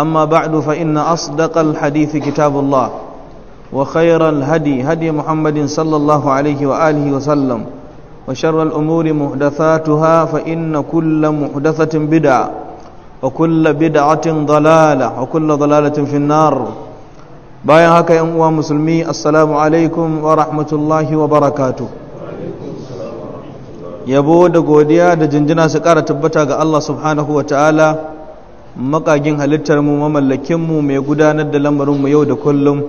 أما بعد فإن أصدق الحديث كتاب الله وخير الهدي هدي محمد صلى الله عليه وآله وسلم وشر الأمور محدثاتها فإن كل محدثة بدعة وكل بدعة ضلالة وكل ضلالة في النار بايا هكا يا مسلمي السلام عليكم ورحمة الله وبركاته yabo da godiya da jinjina su ƙara tabbata ga Allah subhanahu wa ta'ala makagin halittar mu mamallakin mu mai gudanar da lamarin mu yau da kullum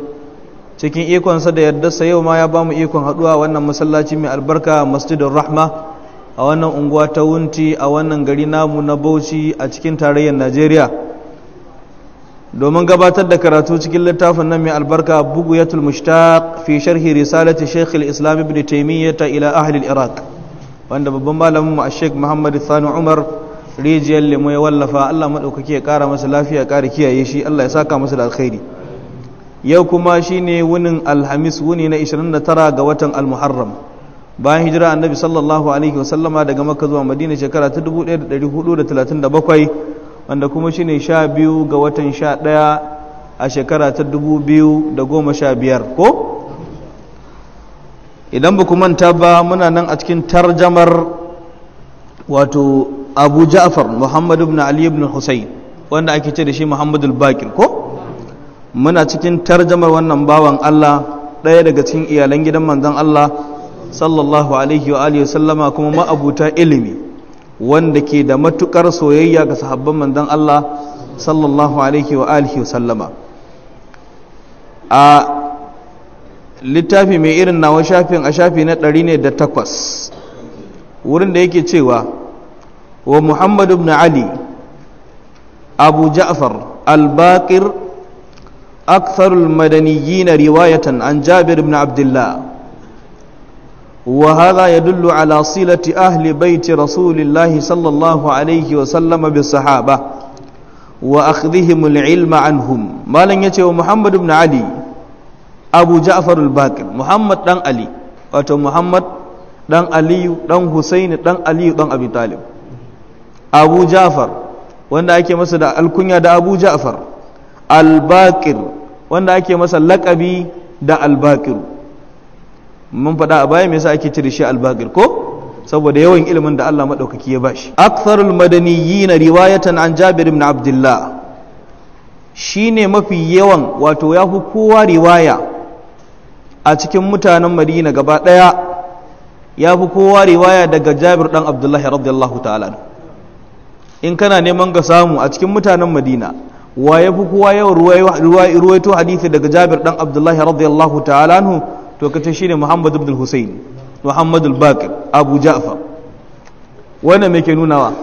cikin ikonsa da sa yau ma ya bamu mu ikon haɗuwa wannan masallaci mai albarka masjidin rahma a wannan unguwa ta wunti a wannan gari namu na bauchi a cikin tarayyar najeriya domin gabatar da karatu cikin littafin nan mai albarka bugu mushtaq fi sharhi risalati shaykh al-islam ibn taymiyyah ila ahli al-iraq wanda babban malamin mu a sheikh muhammad sani umar rijiyar lemo ya wallafa Allah maɗaukaki ya ƙara masa lafiya ƙari kiyaye shi Allah ya saka masa da alkhairi yau kuma shine wunin alhamis wuni na 29 ga watan almuharram bayan hijira annabi sallallahu alaihi wasallama daga makka zuwa madina shekara ta 1437 wanda kuma shine 12 ga watan 11 a shekara ta 2015 ko idan ba ku manta ba muna nan a cikin tarjamar wato abu ja'far muhammad ibn ali ibn husayn wanda ake ce da shi muhammad al-bakir ko muna cikin tarjamar wannan bawan allah ɗaya daga cikin iyalan gidan manzon allah sallallahu alaihi wa alihi sallama kuma ma'abuta ilimi wanda ke da matukar soyayya ga sahabban manzon allah sallallahu alaihi wa alihi sallama a littafi mai irin nawa shafin a shafi na ɗari ne da takwas wurin da yake cewa ومحمد بن علي أبو جعفر الباقر أكثر المدنيين رواية عن جابر بن عبد الله وهذا يدل على صلة أهل بيت رسول الله صلى الله عليه وسلم بالصحابة وأخذهم العلم عنهم ما لن يتوى محمد بن علي أبو جعفر الباقر محمد دان علي وتو محمد دان علي دان حسين دان علي دان أبي طالب abu ja'far wanda ake masa da alkunya da abu ja'far Al-Baqir wanda ake masa lakabi da Al-Baqir, mun faɗa a baya me yasa ake cire shi Al-Baqir ko saboda yawan ilimin da Allah maɗaukaki ya bashi aktharul na riwayatan an jabir ibn abdullah shine mafi yawan wato ya fi kowa riwaya a cikin mutanen madina gaba ɗaya ya fi kowa riwaya daga jabir ɗan abdullahi radiyallahu ta'ala in kana neman ga samu a cikin mutanen madina wa ya fi kowa yawan ruwaito hadithi daga jabir dan abdullahi radiyallahu ta'ala anhu to ka ce shine muhammad ibn husayn muhammad al-baqir abu ja'far wannan me ke nunawa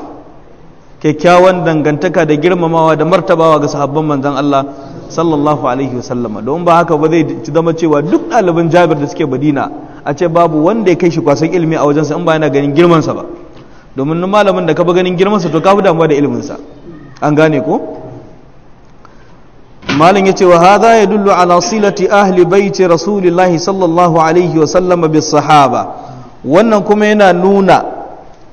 kyakkyawan dangantaka da girmamawa da martabawa ga sahabban manzan Allah sallallahu alaihi wasallam don ba haka ba zai zama cewa duk ɗaliban jabir da suke badina a ce babu wanda ya kai shi kwasan ilimi a wajensa in ba yana ganin girmansa ba domin malamin da ka ba ganin girmansa to ka fi damuwa da ilminsa. an gane ko malam ya ce wa haza ya dullu ala silati ahli baiti rasulillahi sallallahu alaihi wa sallama bis sahaba wannan kuma yana nuna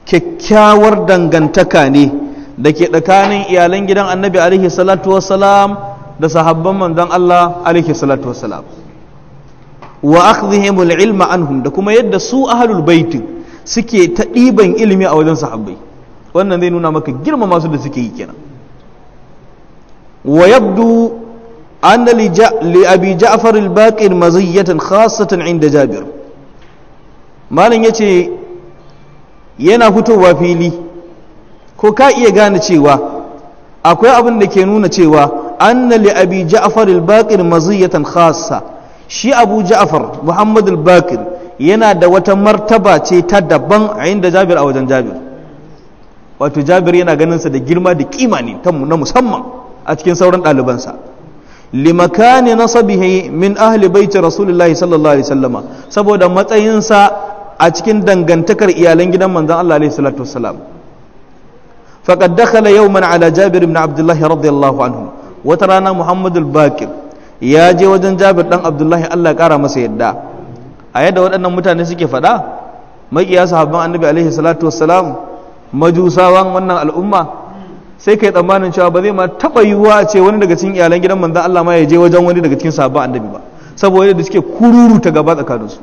kyakkyawar dangantaka ne da ke tsakanin iyalan gidan annabi alaihi salatu wassalam da sahabban manzon Allah alaihi salatu wassalam wa akhdhihimul ilma anhum da kuma yadda su ahlul baitin suke ta ɗiban ilimi a wajen sahabbai wannan zai nuna maka girma masu da suke yi kenan wa yabdu li abi ja'far al-baqir maziyatan khassatan inda jabir malam yace yana fitowa fili ko ka iya gane cewa akwai abin da ke nuna cewa anna li abi ja'far al-baqir maziyatan khassa shi abu ja'far muhammad al-baqir yana da wata martaba ce ta daban a inda jabir a wajen jabir wato jabir yana ganinsa da girma da kima ne na musamman a cikin sauran ɗalibansa limakani nasabihi min ahli baiti rasulullahi sallallahu alaihi wasallama saboda matsayinsa a cikin dangantakar iyalan gidan manzan Allah alaihi salatu wassalam faqad dakhala yawman ala jabir ibn abdullah radiyallahu anhu wata rana muhammadul bakir ya je wajen jabir dan abdullahi Allah ya kara masa yadda a yadda waɗannan mutane suke faɗa maƙiya sahabban annabi alaihi salatu wassalam majusawan wannan al'umma sai kai tsammanin cewa ba zai ma taɓa yiwuwa ce wani daga cikin iyalan gidan manzan Allah ma ya je wajen wani daga cikin sahabban annabi ba saboda da suke kururu ta gaba tsakaninsu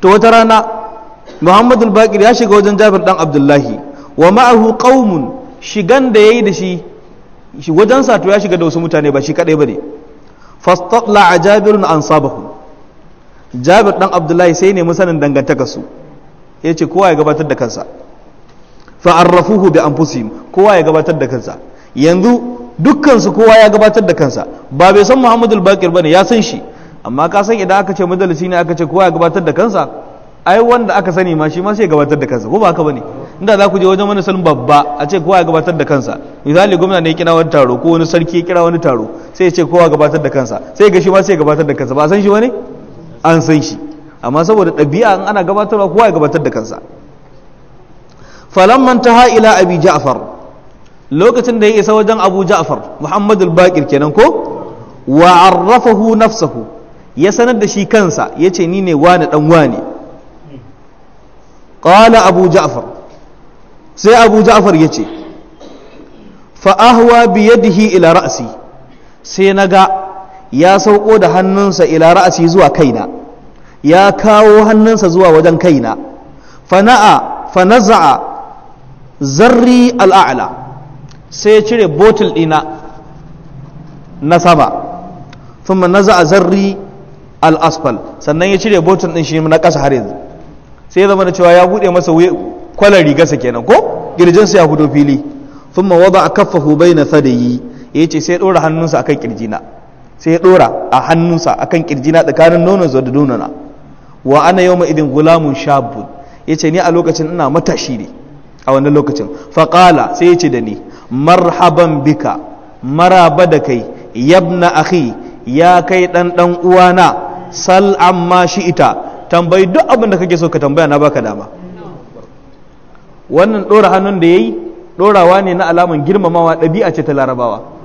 to wata rana muhammadu bakir ya shiga wajen jafar dan abdullahi wa ma'ahu qaumun shigan da yayi da shi shi wajen ya shiga da wasu mutane ba shi kadai bane fastatla ajabirun an jabir dan abdullahi sai ne musanin dangantaka su ya ce kowa ya gabatar da kansa fa'arrafuhu bi anfusihim kowa ya gabatar da kansa yanzu dukkansu kowa ya gabatar da kansa ba bai san muhammadu bakir bakir bane ya san shi amma ka san idan aka ce majalisi ne aka ce kowa ya gabatar da kansa ai wanda aka sani ma shi ma sai gabatar da kansa ko ba haka bane inda za ku je wajen wani salon babba a ce kowa ya gabatar da kansa misali gwamna ne ya kira wani taro ko wani sarki ya kira wani taro sai ya ce kowa gabatar da kansa sai ga shi ma sai gabatar da kansa ba san shi bane an san shi amma saboda ɗabi'a in ana gabatarwa kowa ya gabatar da kansa falamman ta ha'ila abi ja'far lokacin da ya isa wajen abu ja'far muhammadu al kenan ko wa arrafahu nafsahu ya sanar da shi kansa ya ce ni ne wani dan wani qala abu ja'far sai abu ja'far ya ce fa ahwa bi yadihi ila ra'si sai na ga. ya sauko da hannunsa ila ra'asi zuwa kaina ya kawo hannunsa zuwa wajen kaina fana'a fanaza'a zarri al'a'la sai ya cire botul ɗina na sama thumma naza'a zarri al'asfal sannan ya cire botul ɗin shi na ƙasa har yanzu sai ya zama da cewa ya bude masa kwalar rigarsa kenan ko ƙirjinsa ya fito fili thumma wada'a kaffahu baina thadayi yace sai ya ɗora hannunsa akan na. sai ya dora a hannunsa akan kirjina tsakanin nonon zuwa da nonona wa ana yau idin gulamun shabun ya ce ni a lokacin ina matashi ne a wani lokacin faƙala sai ya ce da ni marhaban bika maraba da kai yabna akhi ya kai ɗan ɗan uwana sal amma shi ita tambayi duk abin da kake so ka tambaya na baka dama wannan ɗora hannun da ya yi ɗorawa ne na alaman girmamawa ɗabi'a ce ta larabawa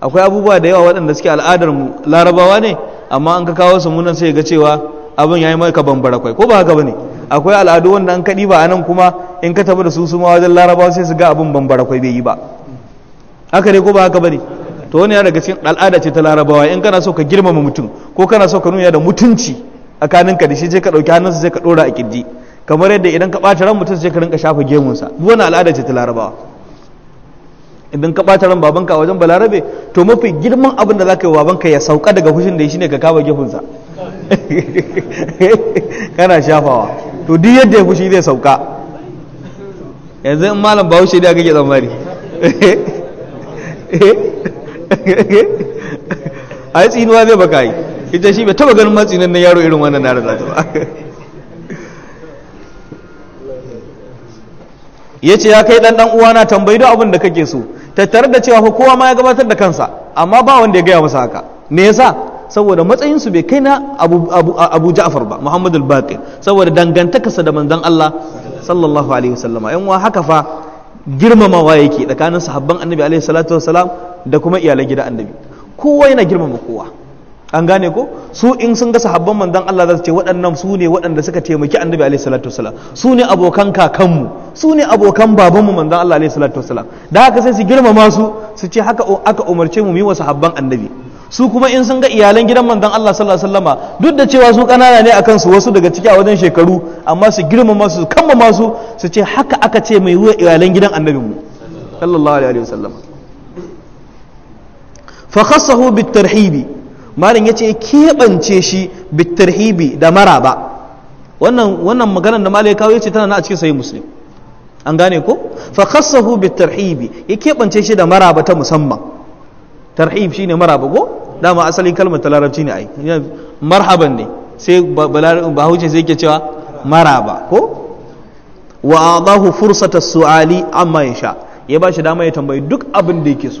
akwai abubuwa da yawa waɗanda suke al'adar mu larabawa ne amma an ka kawo su munan sai ga cewa abin yayi maka bambara kwai ko ba haka bane akwai al'adu wanda an kaɗi ba anan kuma in ka tafi da su suma wajen larabawa sai su ga abin bambara kwai bai yi ba haka ne ko ba haka bane to wani ya daga cikin al'ada ce ta larabawa in kana so ka girmama mutum ko kana so ka nuna da mutunci ka da shi je ka ɗauki hannunsa sai ka ɗora a kirji kamar yadda idan ka ɓata ran mutum sai ka rinka shafa gemunsa duk wani al'ada ce ta larabawa idan ka ɓata ran babanka a wajen balarabe to mafi girman abin da za ka yi babanka ya sauka daga fushin da shi ne ka kama gihunsa? kana shafawa to duk yadda ya fushi zai sauka yanzu in malam ba wuce da gage tsammani a yi tsinuwa zai baka yi ita shi bai taba ganin matsinan na yaro irin wannan na da ba ya ce ya kai ɗan ɗan uwana tambayi duk abin da kake so tattare da cewa fa kowa ma ya gabatar da kansa amma ba wanda ya gaya masa haka me yasa saboda su bai kai na abu, abu, abu ja'far ba muhammad al-baqir saboda dangantakarsa da manzon allah sallallahu alaihi wasallama yan wa haka fa girmamawa yake tsakanin sahabban annabi alaihi salatu wasalam da kuma iyalan gida annabi kowa yana girmama kowa an gane ko su in sun ga sahabban manzon Allah za su ce waɗannan su ne waɗanda suka taimaki annabi alaihi salatu wasalam su ne abokan kakanmu su ne abokan babanmu manzon Allah alaihi salatu wasalam da haka sai su girmama su su ce haka aka umarce mu yi wa sahabban annabi su kuma in sun ga iyalan gidan manzon Allah sallallahu alaihi wasallama duk da cewa su kanana ne akan su wasu daga ciki a wajen shekaru amma su girmama su kammama su su ce haka aka ce mai wa iyalan gidan annabinmu sallallahu alaihi wasallama fa khassahu bit tarhibi malam yace ya keɓance shi bitarhibi da maraba wannan wannan maganar da malai kawo ce tana na a cikin sahih muslim an gane ko fa khassahu ya keɓance shi da maraba ta musamman tarhib shine maraba ko dama asalin kalmar ta larabci ne ai marhaban ne sai bahaushe sai ke cewa maraba ko wa adahu fursata su'ali amma sha ya ba shi dama ya tambayi duk abin da yake so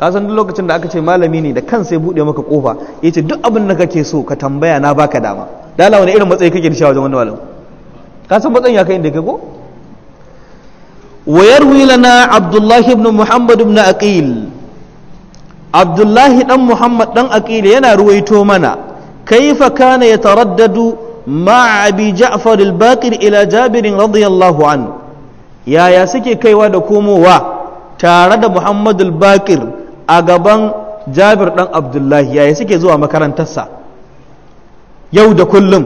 ka san duk lokacin da aka ce malami ne da kansa ya bude maka kofa yace duk abin da kake so ka tambaya na baka dama dala wani irin matsayi kake da shi wajen wani malam ka san matsayin ya kai inda kake ko wa yarwi lana abdullah ibn muhammad ibn aqil abdullah dan muhammad dan aqil yana ruwaito mana kaifa kana taraddadu ma abi ja'far al-baqir ila jabir radiyallahu anhu yaya suke kaiwa da komowa tare da muhammad al-baqir a gaban jabir ɗan abdullahi yaya suke zuwa makarantarsa yau da kullum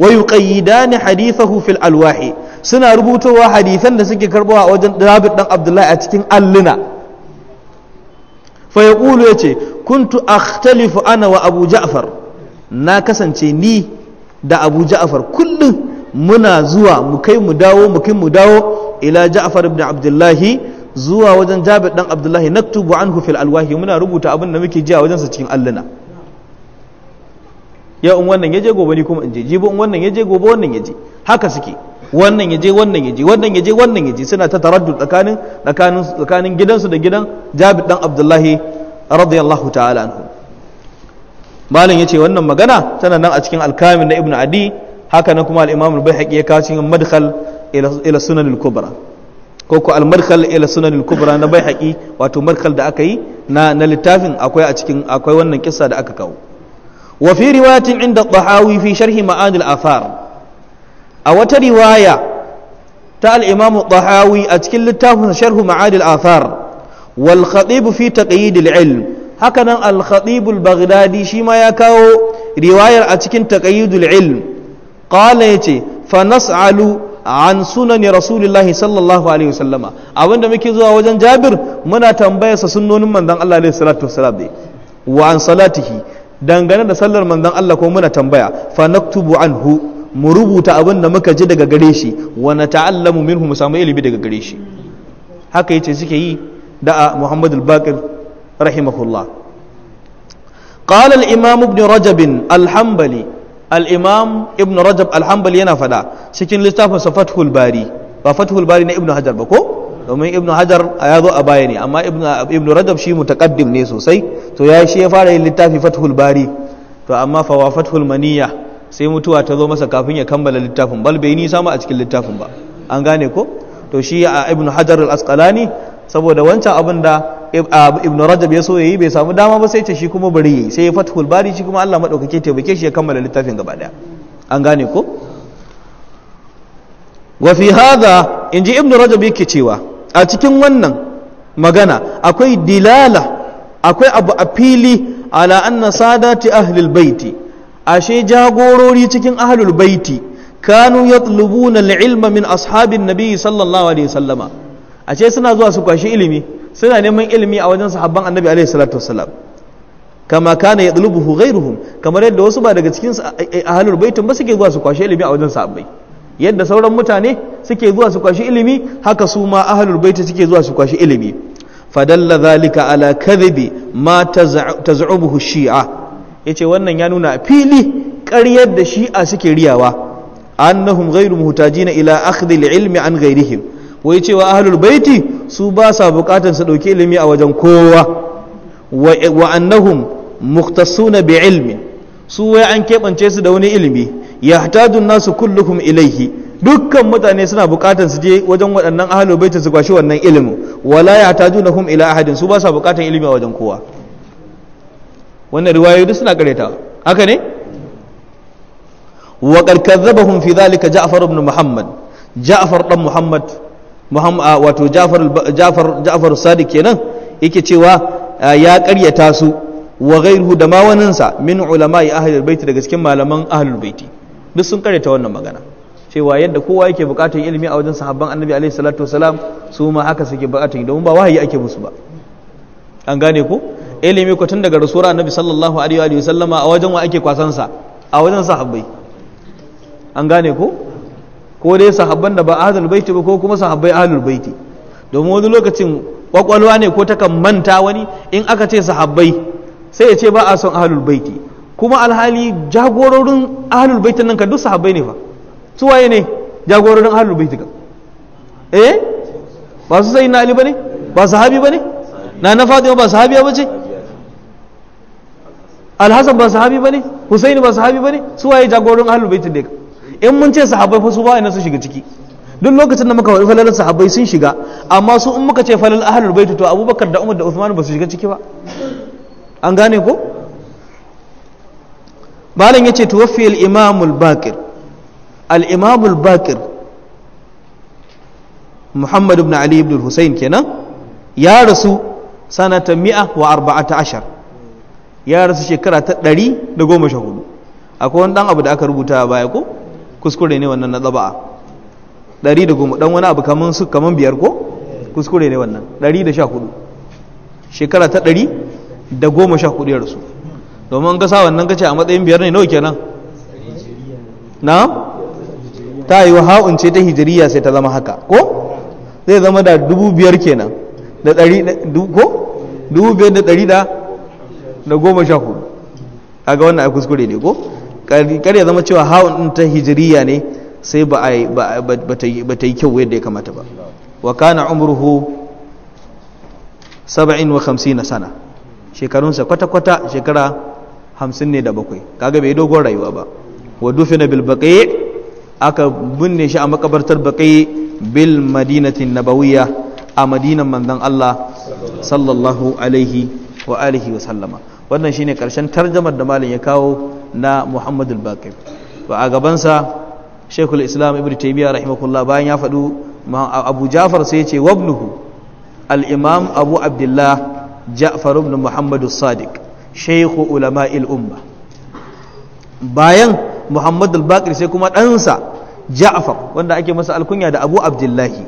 wa yuqayyidani hadithahu fil alwahi suna rubutowa hadithan da suke karbawa a wajen jabir ɗan abdullahi a cikin alluna fa yaqulu yace kuntu akhtalifu ana wa abu ja'far na kasance ni da abu ja'far kullum muna zuwa mu kai mu dawo mu kai mu dawo ila ja'far ibn abdullahi zuwa wajen jabir dan abdullahi naktubu anhu fil alwahi muna rubuta abin da muke ji a wajensa cikin allana ya in wannan yaje gobe ni kuma in je jibo in wannan yaje gobe wannan yaje haka suke wannan yaje wannan yaje wannan yaje wannan yaje suna ta taraddud tsakanin tsakanin tsakanin gidansu da gidan jabir dan abdullahi radiyallahu ta'ala anhu malam yace wannan magana tana nan a cikin alkamin na ibnu adi haka nan kuma al-imam al ya kawo cikin madkhal ila sunan al-kubra ko ko al ila sunan al-kubra na baihaqi wato markal da aka yi na na littafin akwai a cikin akwai wannan kissa da aka kawo wa fi riwayatin inda tahawi fi sharhi ma'anil afar. a wata riwaya ta al-imam tahawi a cikin littafin sharhu ma'anil afar. wal khatib fi taqyid al-ilm haka nan al-khatib al-baghdadi shi ma ya kawo riwayar a cikin taqyid al-ilm qala yace fa nas'alu an sunani rasulullahi sallallahu alaihi wasallama abinda muke zuwa wajen jabir muna tambayarsa sunnonin manzon Allah alaihi salatu wassalam dai wa an salatihi dangane da sallar manzon Allah ko muna tambaya fa naktubu anhu mu rubuta abin da muka ji daga gare shi wa nata'allamu minhu mu samu ilimi daga gare shi haka yace suke yi da Muhammad al-Baqir rahimahullah qala al-imam ibn rajab al-hanbali al-imam ibn rajab alhambal yana fada cikin littafinsa sa fathul bari ba fathul bari na ibn hajar ba ko domin ibn hajar ya zo a baya ne amma ibn rajab shi mutaqaddim ne sosai to ya shi ya fara yin littafi fathul bari to amma fa fathul maniyya sai mutuwa ta zo masa kafin ya kammala littafin bal bai nisa ma a cikin littafin ba an gane ko to shi ibn hajar al-asqalani saboda wancan abin da ah, ibn rajab ya so yayi bai samu dama ba sai ce shi kuma bari yayi sai ya fathul bari shi kuma Allah madaukake taimake shi ya kammala littafin gaba daya an gane ko wa fi hadha inji ibn rajab yake cewa a cikin wannan magana akwai dilala akwai abu a fili ala anna sadati ahlul baiti ashe jagorori cikin ahlul baiti kanu yatlubuna al-ilma min ashabin nabi sallallahu alaihi wasallama a ce suna zuwa su kwashi ilimi suna neman ilimi a wajen sahabban annabi alaihi salatu wassalam kama kana ya dulubuhu ghairuhum kamar yadda wasu ba daga cikin ahlul baitin ba suke zuwa su kwashi ilimi a wajen sahabbai yadda sauran mutane suke zuwa su kwashi ilimi haka su ma ahlul baiti suke zuwa su kwashi ilimi fadalla zalika ala kadhibi ma taz'ubuhu shi'a yace wannan ya nuna fili ƙaryar da shi'a suke riyawa annahum ghairu muhtajina ila akhdhi al-ilmi an ghairihim wai cewa ahlul baiti su ba sa bukatar su dauki ilimi a wajen kowa wa annahum mukhtasuna bi ilmi su wai an keɓance su da wani ilimi yahtadun nasu kulluhum ilaihi dukkan mutane suna bukatar su je wajen waɗannan ahlul baiti su kwashi wannan ilimin wala yahtajunahum ila ahadin su ba sa bukatar ilimi a wajen kowa wannan riwayoyi duk suna karetawa haka ne wa qad kadzabahum fi dhalika ja'far ibn muhammad ja'far dan muhammad Ah, wato jafar sadiq kenan yake cewa ah, ya karyata su wa ghairuhu da ma waninsa min ulama'i ahlul baiti daga cikin malaman ahlul baiti duk sun karyata wannan magana cewa yadda kowa yake bukatar ilimi a wajen sahabban annabi alaihi salatu wasalam su ma haka suke bukatar domin ba wahayi ake musu ba an gane ko ilimi ko tun daga rasul annabi sallallahu alaihi wa sallama a wajen wa ake kwasansa a wajen sahabbai an gane ko ko dai sahabban da ba ahlul baiti ba ko kuma sahabbai ahlul baiti domin wani lokacin kwakwalwa ne ko takan manta wani in aka ce sahabbai sai ya ce ba a son ahlul baiti kuma alhali jagororin ahlul baitin nan ka duk sahabbai ne fa su waye ne jagororin ahlul baiti ka eh ba su sai na ali bane ba sahabi bane na na fatima ba sahabiya bace alhasan ba sahabi bane husaini ba sahabi bane su waye jagororin ahlul baitin ne ka in mun ce sahabbai fa su ba ina sun shiga ciki duk lokacin da muka faɗi falalar sahabbai sun shiga amma su in muka ce falal ahlul bait to abubakar da umar da usman ba su shiga ciki ba an gane ko malam yace tuwaffi al imamul baqir al imamul baqir muhammad ibn ali ibn husayn kenan ya rasu sanata mi'a wa arba'ata ashar ya rasu shekara ta ɗari da goma sha hudu akwai wani ɗan abu da aka rubuta a baya ko kuskure ne wannan na tsaba'a ɗari da goma ɗan wani abu kaman su kamar biyar ko kuskure ne wannan ɗari da sha hudu shekara ta ɗari da goma sha hudu ya rasu domin gasa wannan gace a matsayin biyar ne nawa kenan na ta yi wa ha'un ce ta hijiriya sai ta zama haka ko zai zama da dubu biyar kenan da ɗari ko dubu biyar da ɗari da goma sha hudu a ga wannan a kuskure ne ko kar ya zama cewa ha'un din ta hijiriya ne sai ba a ta yi kyau yadda ya kamata ba wa kana umruhu 57 sana shekarunsa kwata-kwata shekara 50 ne da bakwai kaga bai dogon rayuwa ba wa dufina bil baqi aka binne shi a makabartar baqi bil madinatin nabawiyya a madinan manzon Allah sallallahu alaihi wa alihi wa sallama wannan shine karshen tarjamar da malam ya kawo na muhammadu bakir ba a gabansa shekul islam ibn taimiyya rahimahullah bayan ya faɗu abu jafar sai ce wabnuhu al'imam abu abdullah ja'far ibn muhammadu sadiq shekhu ulama umma bayan muhammadu bakir sai kuma ɗansa ja'far wanda ake masa alkunya da abu abdullahi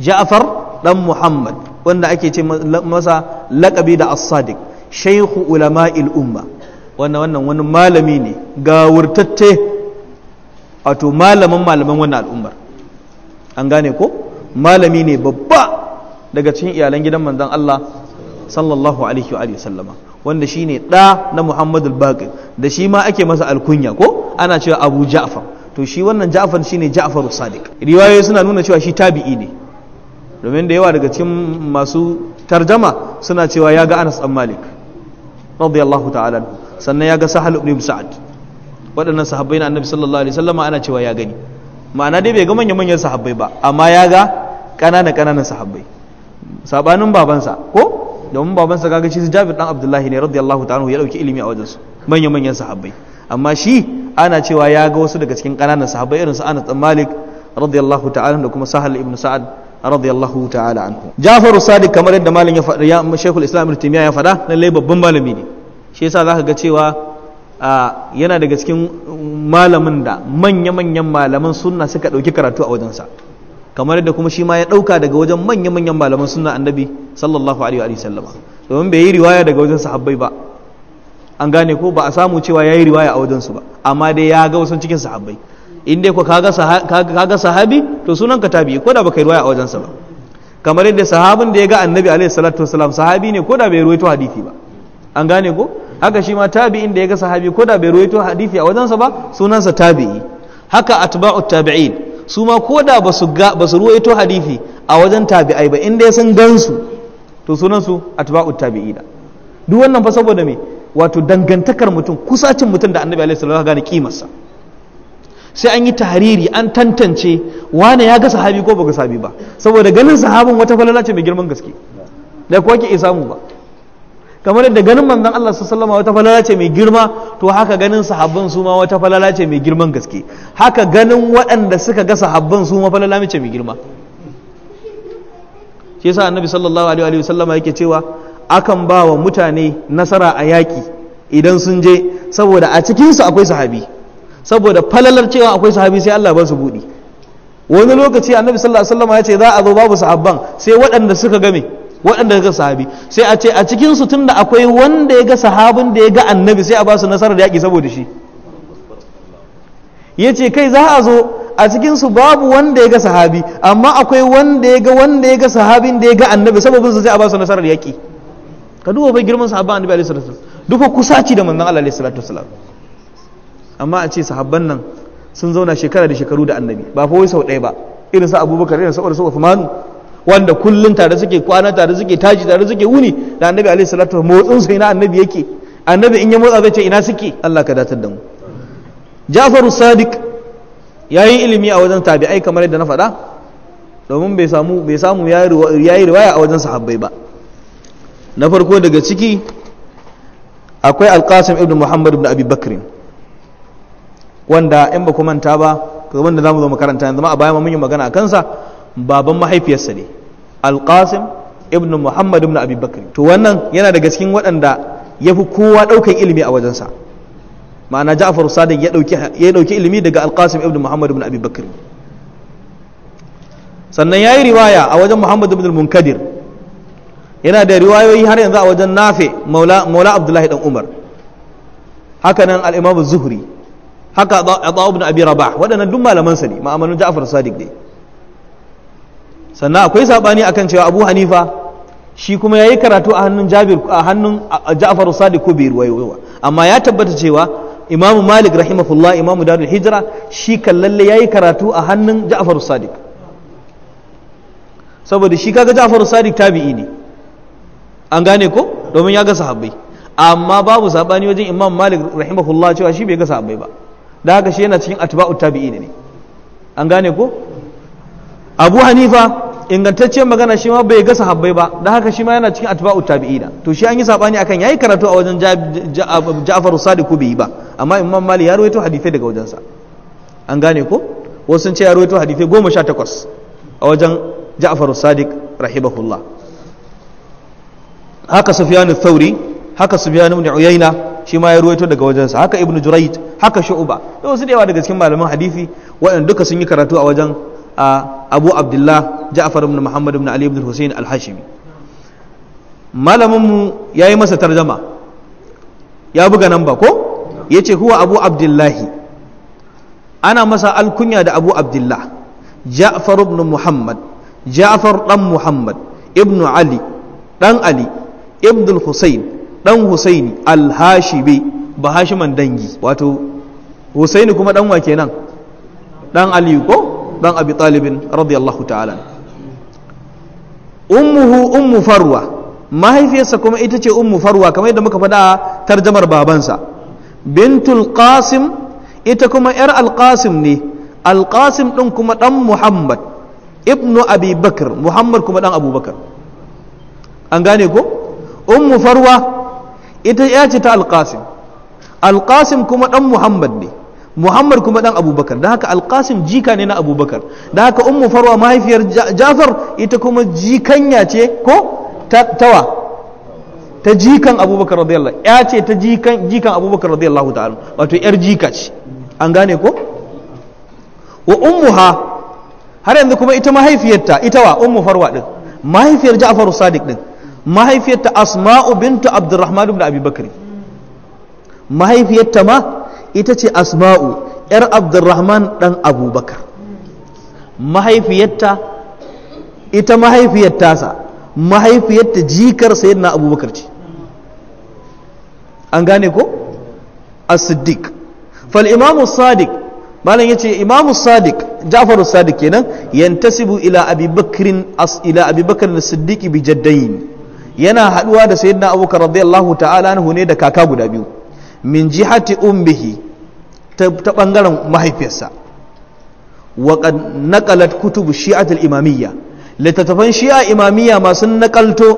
ja'far ɗan muhammad wanda ake ce masa laƙabi da as-sadiq shekhu ulama umma wannan wannan wani malami ne gawurtatte wato malaman malaman wannan al'ummar an gane ko malami ne babba daga cikin iyalan gidan manzon Allah sallallahu alaihi wa sallama wanda shine da na Muhammadul Baqir da shi ma ake masa alkunya ko ana cewa Abu Ja'far to shi wannan Ja'far shine Ja'farus Sadiq riwayoyi suna nuna cewa shi tabi'i ne domin da yawa daga cikin masu tarjama suna cewa ya ga Anas dan Malik radiyallahu ta'ala sannan ya ga sahal ibn sa'ad waɗannan sahabbai na annabi sallallahu alaihi wasallam ana cewa ya gani ma'ana dai bai ga manyan manyan sahabbai ba amma ya ga ƙananan ƙananan sahabbai sabanin babansa ko domin babansa kaga shi Jabir dan Abdullahi ne radiyallahu ta'ala ya dauki ilimi a wajensu manyan manyan sahabbai amma shi ana cewa ya ga wasu daga cikin ƙananan sahabbai irin su Anas bin Malik radiyallahu ta'ala da kuma Sahal ibn Sa'ad radiyallahu ta'ala anhu Ja'far Sadiq kamar yadda malam ya faɗa Sheikhul Islam Ibn Taymiyyah ya faɗa lallai babban malami ne shi yasa za ka ga cewa yana daga cikin malamin da manya-manyan malaman sunna suka ɗauki karatu a wajensa kamar yadda kuma shi ma ya ɗauka daga wajen manya-manyan malaman sunna annabi sallallahu alaihi wa sallama domin bai yi riwaya daga wajen sahabbai ba an gane ko ba a samu cewa ya yi riwaya a wajensu ba amma dai ya ga wasu cikin sahabbai in dai ko kaga sahabi to sunan ka tabi ko da baka yi riwaya a wajensa ba kamar yadda sahabin da ya ga annabi alaihi salatu wasalam sahabi ne ko da bai ruwaito hadisi ba an gane ko haka shi ma tabi'in da ya ga sahabi ko da bai ruwaito hadisi a wajensa ba sunansa tabi'i haka atba'u tabi'in su ma ko da ba su ruwaito hadisi a wajen tabi'ai ba inda ya san gansu to sunansu atba'ut da duk wannan fa saboda me wato dangantakar mutum kusacin mutum da annabi alaihi wasallam gane kimarsa sai an yi tahariri an tantance wane ya ga sahabi ko ba ga sahabi ba saboda ganin sahabin wata falala ce mai girman gaske da kuwa ke isa mu ba kamar yadda ganin manzon Allah sallallahu alaihi wata falala ce mai girma to haka ganin sahabban su ma wata falala ce mai girman gaske haka ganin waɗanda suka ga sahabban su ma falala mace mai girma shi yasa annabi sallallahu alaihi wa sallama yake cewa akan ba wa mutane nasara a yaƙi idan sun je saboda a cikinsu akwai sahabi saboda falalar cewa akwai sahabi sai Allah ba su buɗi wani lokaci annabi sallallahu alaihi wa ya ce za a zo babu sahabban sai waɗanda suka game waɗanda ga sahabi sai a ce a cikin su tunda akwai wanda ya ga sahabin da ya ga annabi sai a ba su nasarar yaƙi saboda shi ya ce kai za a zo a cikin su babu wanda ya ga sahabi amma akwai wanda ya ga wanda ya ga sahabin da ya ga annabi saboda su sai a ba su nasarar yaƙi ka duba bai girman sahabban annabi alaihi salatu duka kusaci da manzon Allah alaihi salatu wasalam amma a ce sahabban nan sun zauna shekara da shekaru da annabi ba fa wai sau ɗaya ba irin su abubakar irin su umar su uthmanu wanda kullun tare suke kwana tare suke taji tare suke wuni da annabi alaihi salatu motsin sai na annabi yake annabi in ya motsa zai ce ina suke Allah ka datar da mu Ja'faru Sadiq yayi ilimi a wajen tabi'ai kamar yadda na faɗa domin bai samu bai samu yayi riwaya a wajen sahabbai ba na farko daga ciki akwai alqasim ibn muhammad ibn abi bakr wanda in ba ku manta ba kamar da zamu zo makaranta yanzu ma a baya mun yi magana a kansa baban mahaifiyarsa ne alqasim ibn muhammad ibn abi bakr to wannan yana daga cikin waɗanda ya fi kowa ɗaukan ilimi a wajensa ma'ana ja'far sadiq ya ɗauki ilimi daga alqasim ibn muhammad ibn abi bakr sannan ya yi riwaya a wajen muhammad ibn munkadir yana da riwayoyi har yanzu a wajen nafe maula abdullahi dan umar haka nan al'imamu zuhri haka a ibn abi rabah waɗannan duk malamansa ne ma'amanin ja'far sadiq ne sannan akwai sabani akan cewa abu hanifa shi kuma ya yi karatu a hannun jabir a hannun ja'far sadiq ko bai ruwayowa amma ya tabbata cewa imamu malik rahimahullah imamu darul hijira shi kallalle ya yi karatu a hannun ja'afar sadiq saboda shi kaga ja'far sadiq tabi'i ne an gane ko domin ya ga sahabbai amma babu sabani wajen imam malik rahimahullah cewa shi bai ga sahabbai ba da haka shi yana cikin atba'u tabi'in ne an gane ko abu hanifa ingantacciyar magana shi ma bai ga sahabbai ba da haka shi ma yana cikin atba'u tabi'ina to shi an yi sabani akan yayi karatu a wajen Ja'far Sadiq bai yi ba amma Imam Malik ya rawaito hadisai daga wajensa an gane ko wasu sun ce ya rawaito hadisai 18 a wajen Ja'far Sadiq rahimahullah haka Sufyan al-Thawri haka Sufyan ibn Uyayna shi ma ya ruwaito daga wajensa haka Ibn Jurayj haka Shu'ba da wasu da yawa daga cikin malaman hadisi waɗanda duka sun yi karatu a wajen abu abdullah ja'far ibn muhammad ibn ali ibn hussein al-hashimi malaminmu ya yi masa tarjama ya buga nan ba ko ya ce huwa abu abdullahi ana masa alkunya da abu abdullah ja'far ibn muhammad ja'far dan muhammad ibn ali dan ali ibn hussein dan husaini al-hashibi ba hashiman dangi wato husaini kuma dan wa kenan dan Ali ko dan abi talibin radiyallahu ta'ala ummuhu ummu farwa mahaifiyarsa kuma ita ce ummu farwa kamar yadda muka faɗa tarjamar babansa bintul qasim ita kuma yar alqasim ne alqasim din kuma dan muhammad ibnu abi bakr muhammad kuma dan abubakar an gane ko ummu farwa ita ya ce ta alqasim alqasim kuma dan muhammad ne muhammad kuma dan abubakar da haka alkasim jika ne na abubakar da haka ummu farwa mahaifiyar jafar ita kuma jikanya ce ko tawa ta jikan abubakar radiyallahu ya ce ta jikan jikan abubakar radiyallahu ta'ala wato yar jika ce an gane ko wa ummuha har yanzu kuma ita mahaifiyarta ita wa ummu farwa din mahaifiyar ja'far sadiq din mahaifiyarta asma'u bintu abdurrahman ibn abi bakr mahaifiyarta ma ita ce asma'u ‘yar abdurrahman dan abubakar mahaifiyarta ita mahaifiyar mahaifiyarta jikar sayyidina abubakar ce an gane ko? as-siddiq fal imamu sadiq malam yace imamu sadiq ja'faru sadiq kenan yantasibu ila abi bakrin as ila abi bakr as bi jaddayn yana haduwa da sayyidina abubakar radiyallahu ta'ala anhu ne da kaka guda biyu min jihati ummihi ta ɓangaren mahaifiyarsa waƙad naƙalat kutubu shi'atul imamiyya littattafan shi'a imamiyya masu naƙalto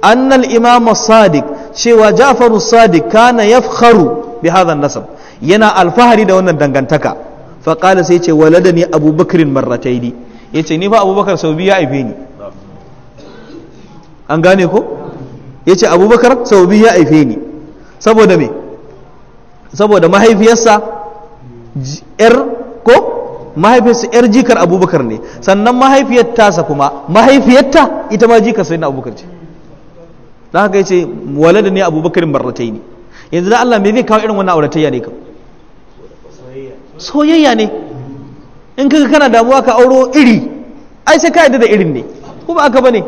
annal imam sadiq cewa ja'faru sadiq kana yafkharu bi hadha nasab yana alfahari da wannan dangantaka fa qala sai ce waladani abubakar marrataini yace ni fa abubakar sau biyu ya haife ni an gane ko yace abubakar sau biyu ya haife ni saboda me saboda mahaifiyarsa yar er ko mahaifiyarsa yar er jikar abubakar ne sannan mahaifiyar tasa kuma mahaifiyarta ita ma jikar sai na abubakar ce don haka wale da ne abubakar barratai ne yanzu da Allah mai zai kawo irin wannan auratayya ne kam soyayya ne in kaga kana damuwa ka auro iri ai sai ka yadda da irin ne ko ba aka bane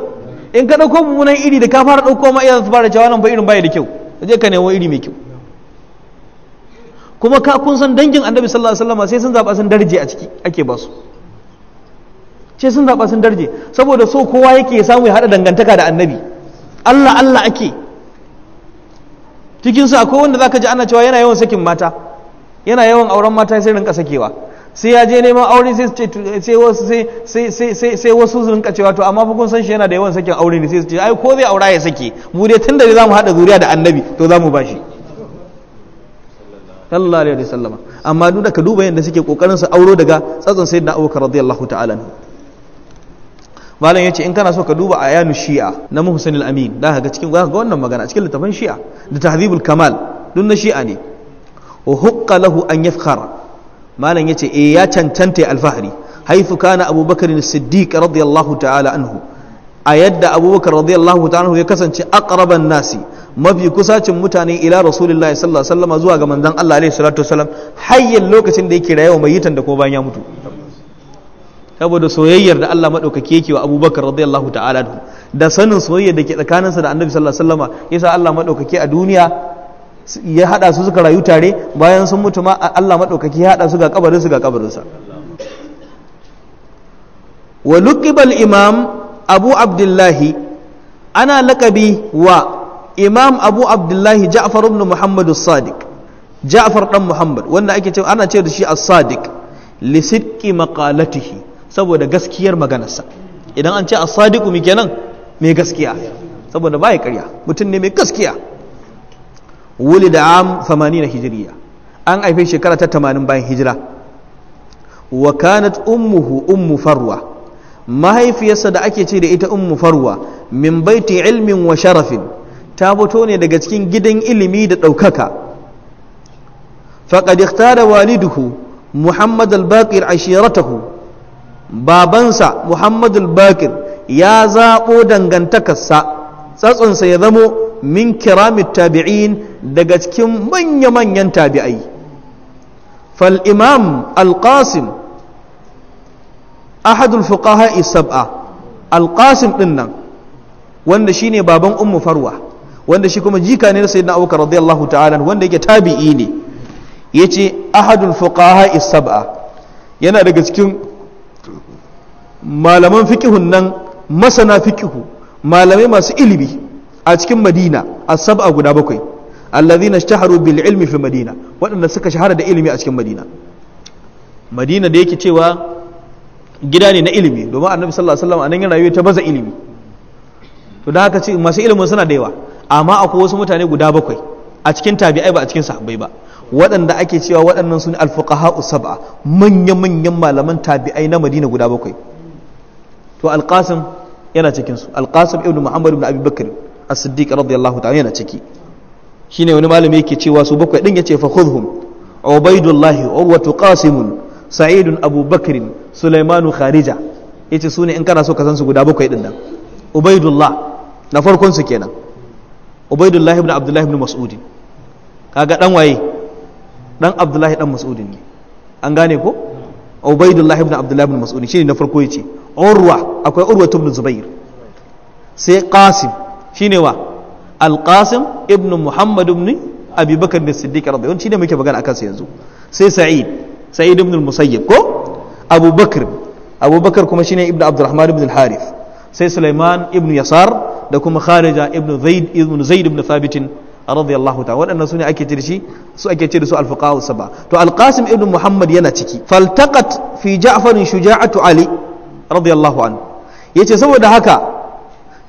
in ka dauko mummunan iri da ka fara dauko ma iyayen su fara cewa nan ba irin bai da kyau je ka nemo iri mai kyau kuma ka kun san dangin annabi sallallahu alaihi wasallam sai sun zaba sun darje a ciki ake ba su sai sun zaba sun darje saboda so kowa yake samu ya hada dangantaka da annabi Allah Allah ake cikin su akwai wanda zaka ji ana cewa yana yawan sakin mata yana yawan auren mata sai rinka sakewa sai ya je neman aure sai sai wasu sai sai sai sai wasu su rinka cewa to amma fa kun san shi yana da yawan sakin aure ne sai su ce ai ko zai aura ya sake mu dai tunda dai zamu hada zuriya da annabi to zamu bashi sallallahu alaihi wasallam amma duk da ka duba yadda suke kokarin su auro daga tsatsan sayyidina Abubakar radiyallahu ta'ala malam yace in kana so ka duba ayanu shi'a na Muhsin al-Amin da ga cikin ga wannan magana cikin littafin shi'a da tahdhibul kamal dun na shi'a ne wa huqqa lahu an yafkhara malam yace eh ya cancanta alfahari haythu kana Abubakar as-Siddiq radiyallahu ta'ala anhu a yadda abubakar radiyallahu ta'ala ya kasance aqraban nasi mafi kusacin mutane ila rasulullahi sallallahu alaihi wasallam zuwa ga manzon Allah alaihi salatu wasallam hayyin lokacin da yake rayuwa mai yitan da ko bayan ya mutu saboda soyayyar da Allah madaukake yake wa abubakar radiyallahu ta'ala da sanin soyayyar da ke tsakaninsa da annabi sallallahu alaihi wasallam yasa Allah madaukake a duniya ya hada su suka rayu tare bayan sun mutu ma Allah madaukake ya hada su ga kabarin su ga kabarinsa wa luqibal imam abu abdullahi ana lakabi wa imam abu abdullahi ja'far ibn muhammad sadiq ja'far dan muhammad wanda ake cewa ana cewa da shi as-sadiq li sidqi maqalatihi saboda gaskiyar maganarsa idan an ce as Sadiq mi kenan mai gaskiya saboda baya ƙarya mutum ne mai gaskiya wulida am 80 hijriya an haife shekara ta 80 bayan hijira wa kanat ummuhu ummu farwa mahaifiyarsa da ake ce da ita ummu farwa min baiti ilmin wa sharafin ta fito ne daga cikin gidan ilimi da ɗaukaka faqad da waliduhu muhammad al-baqir ashiratahu babansa muhammad al-baqir ya zaɓo dangantakarsa tsatsonsa ya zamo min kiramit tabi'in daga cikin manya-manyan tabi'ai fal imam al-qasim ahadul fuqaha sab'a alqasim din nan wanda shine baban umma farwa wanda shi kuma jika ne na sayyidina abubakar radiyallahu ta'ala wanda yake tabi'i ne yace ahadul fuqaha sab'a yana daga cikin malaman fikihun nan masana fikihu malamai masu ilimi a cikin madina a saba guda bakwai alladhina ishtaharu bil ilmi fi madina waɗanda suka shahara da ilimi a cikin madina madina da yake cewa gida ne na ilimi domin annabi sallallahu alaihi wasallam anan yana rayuwa ta baza ilimi to da haka ce masu ilimin suna da yawa amma akwai wasu mutane guda bakwai a cikin tabi'ai ba a cikin sahabbai ba waɗanda ake cewa waɗannan su ne alfuqaha usaba manya manyan malaman tabi'ai na Madina guda bakwai to alqasim yana cikin su alqasim ibnu muhammad ibn abi bakr as-siddiq radiyallahu ta'ala yana ciki shine wani malami yake cewa su bakwai din yace fa khudhum ubaidullah urwatu qasim sa'idun abubakrin sulaimanu kharija yace su ne in kana so ka san su guda bakwai din nan ubaidullah na farkon su kenan ubaidullah ibn abdullah ibn mas'ud kaga dan waye dan abdullah dan Mas'udin ne an gane ko ubaidullah ibn abdullah ibn mas'ud shine na farko yace urwa akwai urwa ibn zubair sai qasim shine wa al-qasim ibn muhammad ibn abubakar da siddiq radiyallahu anhu shine muke magana akan sa yanzu sai sa'id sa'id ibn al ko abu bakr abu bakr kuma shine ibn abdurrahman ibn al sai sulaiman ibn yasar da kuma kharija ibn zaid ibn zaid ibn thabit radiyallahu ta'ala waɗannan su ne ake ce shi su ake ce su al saba to al ibn muhammad yana ciki faltaqat fi ja'far shuja'atu ali radiyallahu anhu yace saboda haka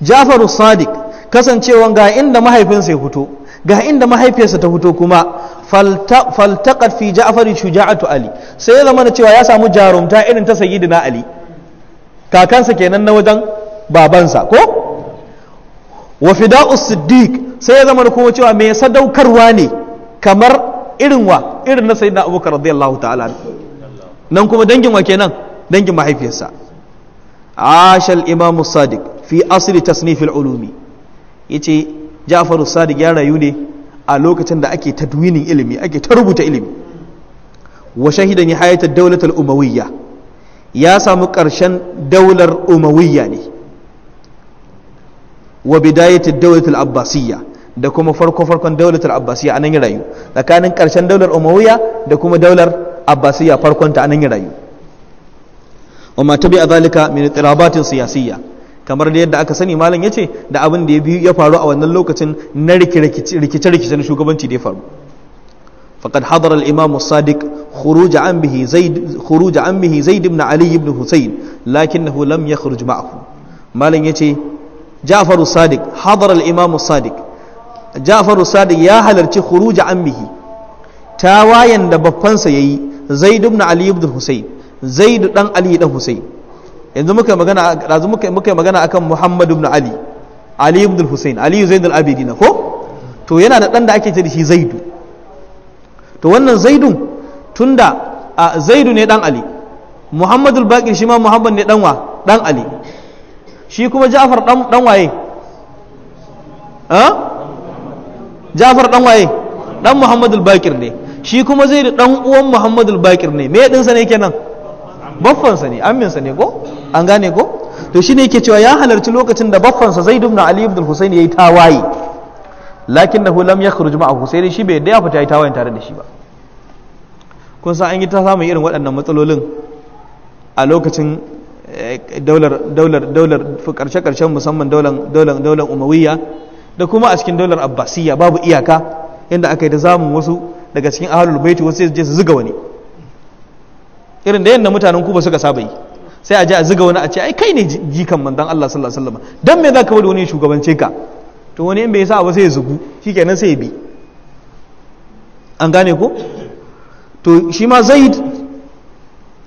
Jafaru sadiq kasancewan ga inda mahaifinsa ya fito ga inda mahaifiyarsa ta fito kuma faltaqat fi ja'fari shuja'atu ali sai ya zama na cewa ya samu jarumta irin ta sayyidina ali kakansa kenan na wajen babansa ko wa fida'u siddiq sai ya zama kuma cewa mai sadaukarwa ne kamar irin wa irin na sayyidina abubakar radiyallahu ta'ala nan kuma dangin wa kenan dangin mahaifiyarsa ashal imamu sadiq fi asli tasnifil ulumi yace ja'faru sadiq ya rayu ne a lokacin da ake tadwinin ilimi ake ta rubuta ilimi wa shahida ni hayata daulatul umawiyya ya samu karshen daular umawiyya ne wa bidayati daulatul abbasiyya da kuma farko farkon daulatul abbasiyya anan ya rayu tsakanin ƙarshen daular umawiyya da kuma daular abbasiyya farkon ta anan ya rayu wa ma tabi'a zalika min itirabatin siyasiyya kamar da yadda aka sani malam ya ce da abin da ya faru a wannan lokacin na rikice-rikice na shugabanci da ya faru faƙad Imam al'imamu sadiq khuruja an bihi zaid ibn ali ibn husayn lakin nahu lam ya khuruj ma'ahu malam ya ce ja'faru sadiq Imam al'imamu sadiq ja'faru sadiq ya halarci khuruja an bihi tawayen da babbansa ya yi zaid ibn ali ibn husayn zaid dan ali dan husayn yanzu muka magana yanzu muka muka magana akan Muhammad ibn Ali Ali ibn Hussein Ali Zaid al-Abidin ko to yana da dan da ake ce da shi Zaidu to wannan Zaidun tunda Zaidu ne dan Ali Muhammad al-Baqir shi ma Muhammad ne dan wa dan Ali shi kuma Ja'far dan dan waye ha Ja'far dan waye dan Muhammad al-Baqir ne shi kuma Zaidu dan uwan Muhammad al-Baqir ne me dinsa ne kenan baffansa ne amminsa ne ko an gane ko to shi ne ke cewa ya halarci lokacin da baffansa zai ibn Ali ibn Husayn yayi tawaye lakin lam yakhruj ma'ahu sai dai shi bai da fita yayi tawaye tare da shi ba kun san an yi ta samun irin waɗannan matsalolin a lokacin eh, daular daular daular karshe karshen musamman daular daular daular umawiyya da kuma a cikin daular abbasiyya babu iyaka inda aka yi ta samun wasu daga cikin ahlul baiti wasu sai su je su zuga wani irin da yadda mutanen kuba suka saba yi sai a ji a ziga wani a ce ai kai ne jikan dan Allah sallallahu alaihi wasallam dan me zaka bari wani shugabance ka to wani in bai sa ba sai ya zugu shikenan sai ya bi an gane ko to shi ma zaid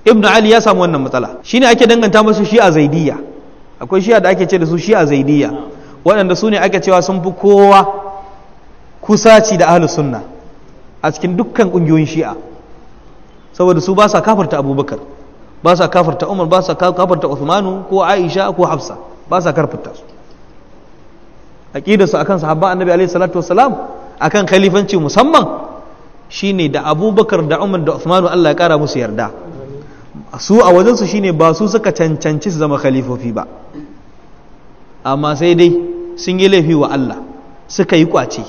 ibn ali ya samu wannan matsala shine ake danganta masa a zaidiyya akwai shi'a da ake ce da su shi a zaidiyya waɗanda su ne ake cewa sun fi kowa kusaci da ahlus sunna a cikin dukkan ƙungiyoyin shi'a saboda su ba sa kafarta abubakar ba sa kafarta umar ba sa kafarta Uthmanu, ko aisha ko hafsa ba sa karfarta su aqidarsu akan sahabba annabi alaihi salatu wassalam akan khalifanci musamman shine da abubakar da umar da Uthmanu Allah ya kara musu yarda su a wajensu shine ba su suka cancanci su zama khalifofi ba amma sai dai sun yi laifi wa Allah suka yi kwace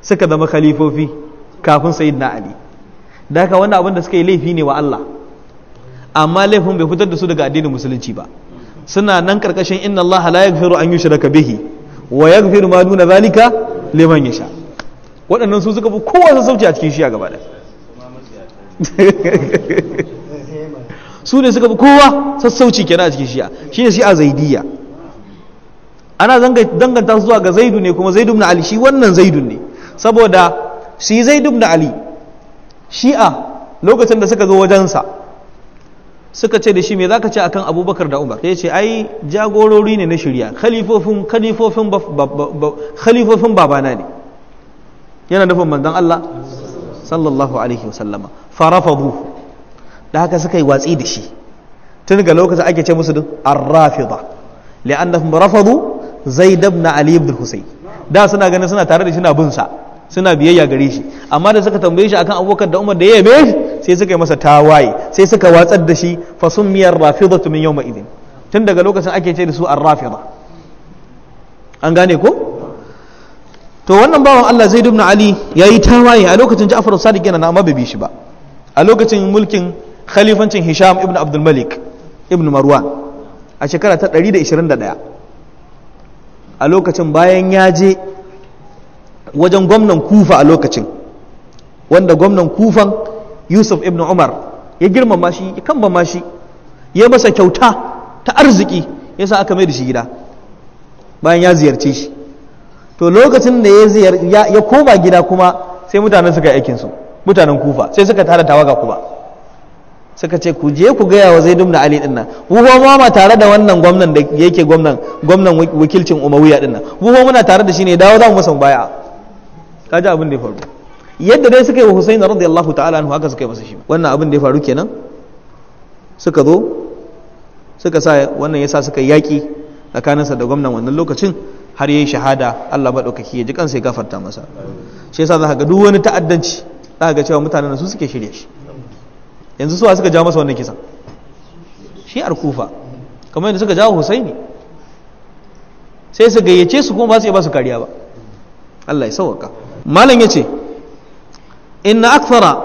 suka zama khalifofi kafin sayyidina ali da haka wannan abin da suka yi laifi ne wa Allah amma laifin bai fitar da su daga addinin musulunci ba suna nan karkashin inna Allah la yaghfiru an yushraka bihi wa yaghfiru ma duna zalika liman yasha waɗannan su suka fi kowa sauci a cikin shiya gaba da su ne suka fi kowa sassauci kenan a cikin shiya shi shi'a zaidiyya ana danganta zuwa ga zaidu ne kuma zaidu ibn ali shi wannan zaidu ne saboda shi zaidu ibn ali shi'a lokacin da suka zo wajensa suka ce da shi me ka ce akan abubakar da umar ya ce ai jagorori ne na shirya khalifofin babana ne yana nufin manzon Allah sallallahu alaihi wasallama farafadu da haka suka yi watsi da shi tun ga lokacin ake ce musu ar-rafida li'annahum rafadu zaid ibn ali ibn husayn da suna ganin suna tare da shi na bin sa suna biyayya gare shi amma da suka tambaye shi akan abubakar da umar da ya yabe sai suka yi masa tawaye sai suka watsar da shi fa summiyar rafidatu min yawma idin tun daga lokacin ake ce da su ar-rafida an gane ko to wannan bawan Allah Zaid ibn Ali yayi tawaye a lokacin Ja'far as-Sadiq yana na amma bai bi shi ba a lokacin mulkin khalifancin Hisham ibn Abdul Malik ibn Marwan a shekara ta 121 a lokacin bayan ya je wajen gwamnan Kufa a lokacin wanda gwamnan Kufan yusuf ibn umar ya girmama shi ya kambama shi ya masa kyauta ta arziki ya sa aka mai da shi gida bayan ya ziyarce shi to lokacin da ya ya koma gida kuma sai mutanen suka aikin su mutanen kufa sai suka tara tawaga kuma suka ce ku je ku gaya wa zaidun da ali dinnan buho ma ma tare da wannan gwamnan da yake gwamnan gwamnan wakilcin umawiya dinnan buho muna tare da shi ne dawo za mu masa baya kaji abin da ya faru yadda dai suka yi wa Husayn radiyallahu ta'ala anhu haka suka yi masa shi wannan abin da ya faru kenan suka zo suka sa wannan yasa suka yaki tsakaninsa da gwamnan wannan lokacin har yayi shahada Allah madaukaki ya ji kansa ya gafarta masa shi yasa zaka ga duk wani ta'addanci zaka ga cewa mutanen su suke shirye shi yanzu suwa suka ja masa wannan kisan shi arkufa kamar yadda suka jawo Husaini sai su gayyace su kuma ba su iya ba su kariya ba Allah ya sauwaka malam yace إن أكثر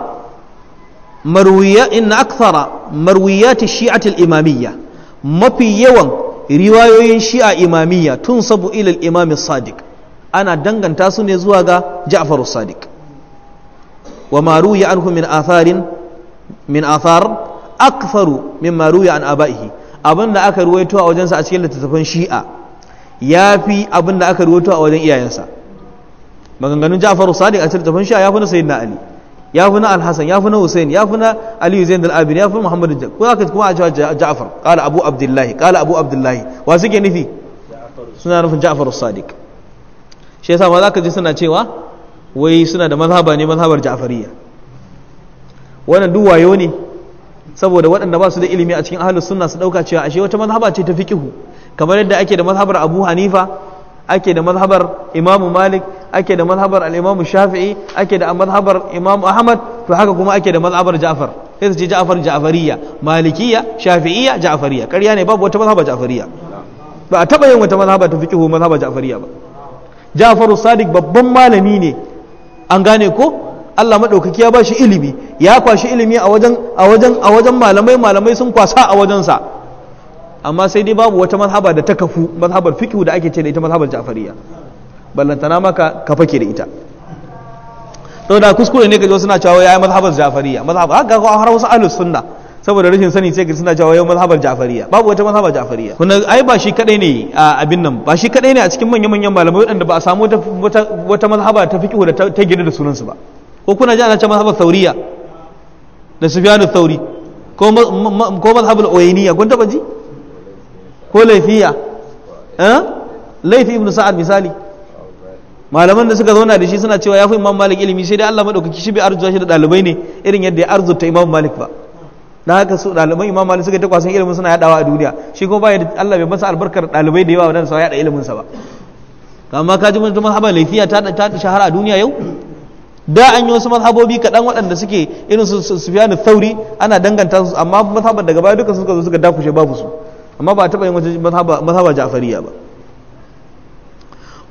مروية إن أكثر مرويات الشيعة الإمامية ما في يوم رواية شيعة إمامية تنصب إلى الإمام الصادق أنا دنغن تاسون زواغا جعفر الصادق وما روي عنه من آثار من آثار أكثر مما روي عن آبائه أبن أكر ويتوى وجنس أسئلة تتفن شيعة يا في أبن أكر ويتوى وجن إياه ينسى maganganun Ja'far Sadiq a cikin tafin shi ya fi na Sayyidina Ali ya fi na Alhassan, ya fi na Hussein ya fi na Ali Zain al-Abidin ya fi Muhammad al ko zaka kuma a cewa Ja'far qala Abu Abdullahi, qala Abu Abdullahi, wa suke nufi suna nufin Ja'far Sadiq shi yasa ma ka ji suna cewa wai suna da mazhaba ne mazhabar Ja'fariyya wannan duk wayo ne saboda waɗanda ba su da ilimi a cikin ahlus sunna su dauka cewa ashe wata mazhaba ce ta fiqhu kamar yadda ake da mazhabar Abu Hanifa ake da mazhabar imamu malik ake da mazhabar al'imamu shafi'i ake da mazhabar imamu ahmad to haka kuma ake da mazhabar ja'far sai su ce ja'far ja'fariya malikiya shafi'iya ja'fariya ƙarya ne babu wata mazhabar ja'fariya ba a taɓa yin wata mazhabar ta fiqhu mazhabar ja'fariya ba ja'far sadiq babban malami ne an gane ko Allah madaukaki ya bashi ilimi ya kwashi ilimi a wajen a wajen a wajen malamai malamai sun kwasa a wajensa amma sai dai babu wata mazhaba da ta kafu mazhabar fiqh da ake ce da ita mazhabar ja'fariya ballantana maka ka fake da ita to da kuskure ne kaje suna cewa yayi mazhabar ja'fariya mazhab haka ga har wasu ahlus sunna saboda rashin sani sai kaje suna cewa yayi mazhabar ja'fariya babu wata mazhabar ja'fariya kuna ai ba shi kadai ne a abin nan ba shi kadai ne a cikin manyan manyan malamai waɗanda ba a samu wata wata mazhaba ta fiqh da ta gida da sunan su ba ko kuna ji ana cewa mazhabar Thawriya da sufyanu sauri ko ko mazhabul uyaniya kun taba ji ko laifiya laifi eh? ibnu sa'ad misali malaman da suka zauna da shi suna cewa ya fi imam malik ilimi sai dai Allah madaukaki shi bai arzuta shi da dalibai ne irin yadda ya arzuta imam malik ba na haka su daliban imam malik suka ta kwasan ilimin suna yadawa a duniya shi kuma bai Allah bai masa albarkar dalibai da yawa wadanda sa yaɗa ilimin sa ba amma ka ji mun tuma haba laifiya ta ta shahara a duniya yau da an yi wasu mazhabobi kaɗan waɗanda suke irin su sufiyanu thauri ana danganta su amma mazhaban daga baya duka suka zo suka dakushe babu su amma ba taɓa yin wata mazhaba ja'fariya ba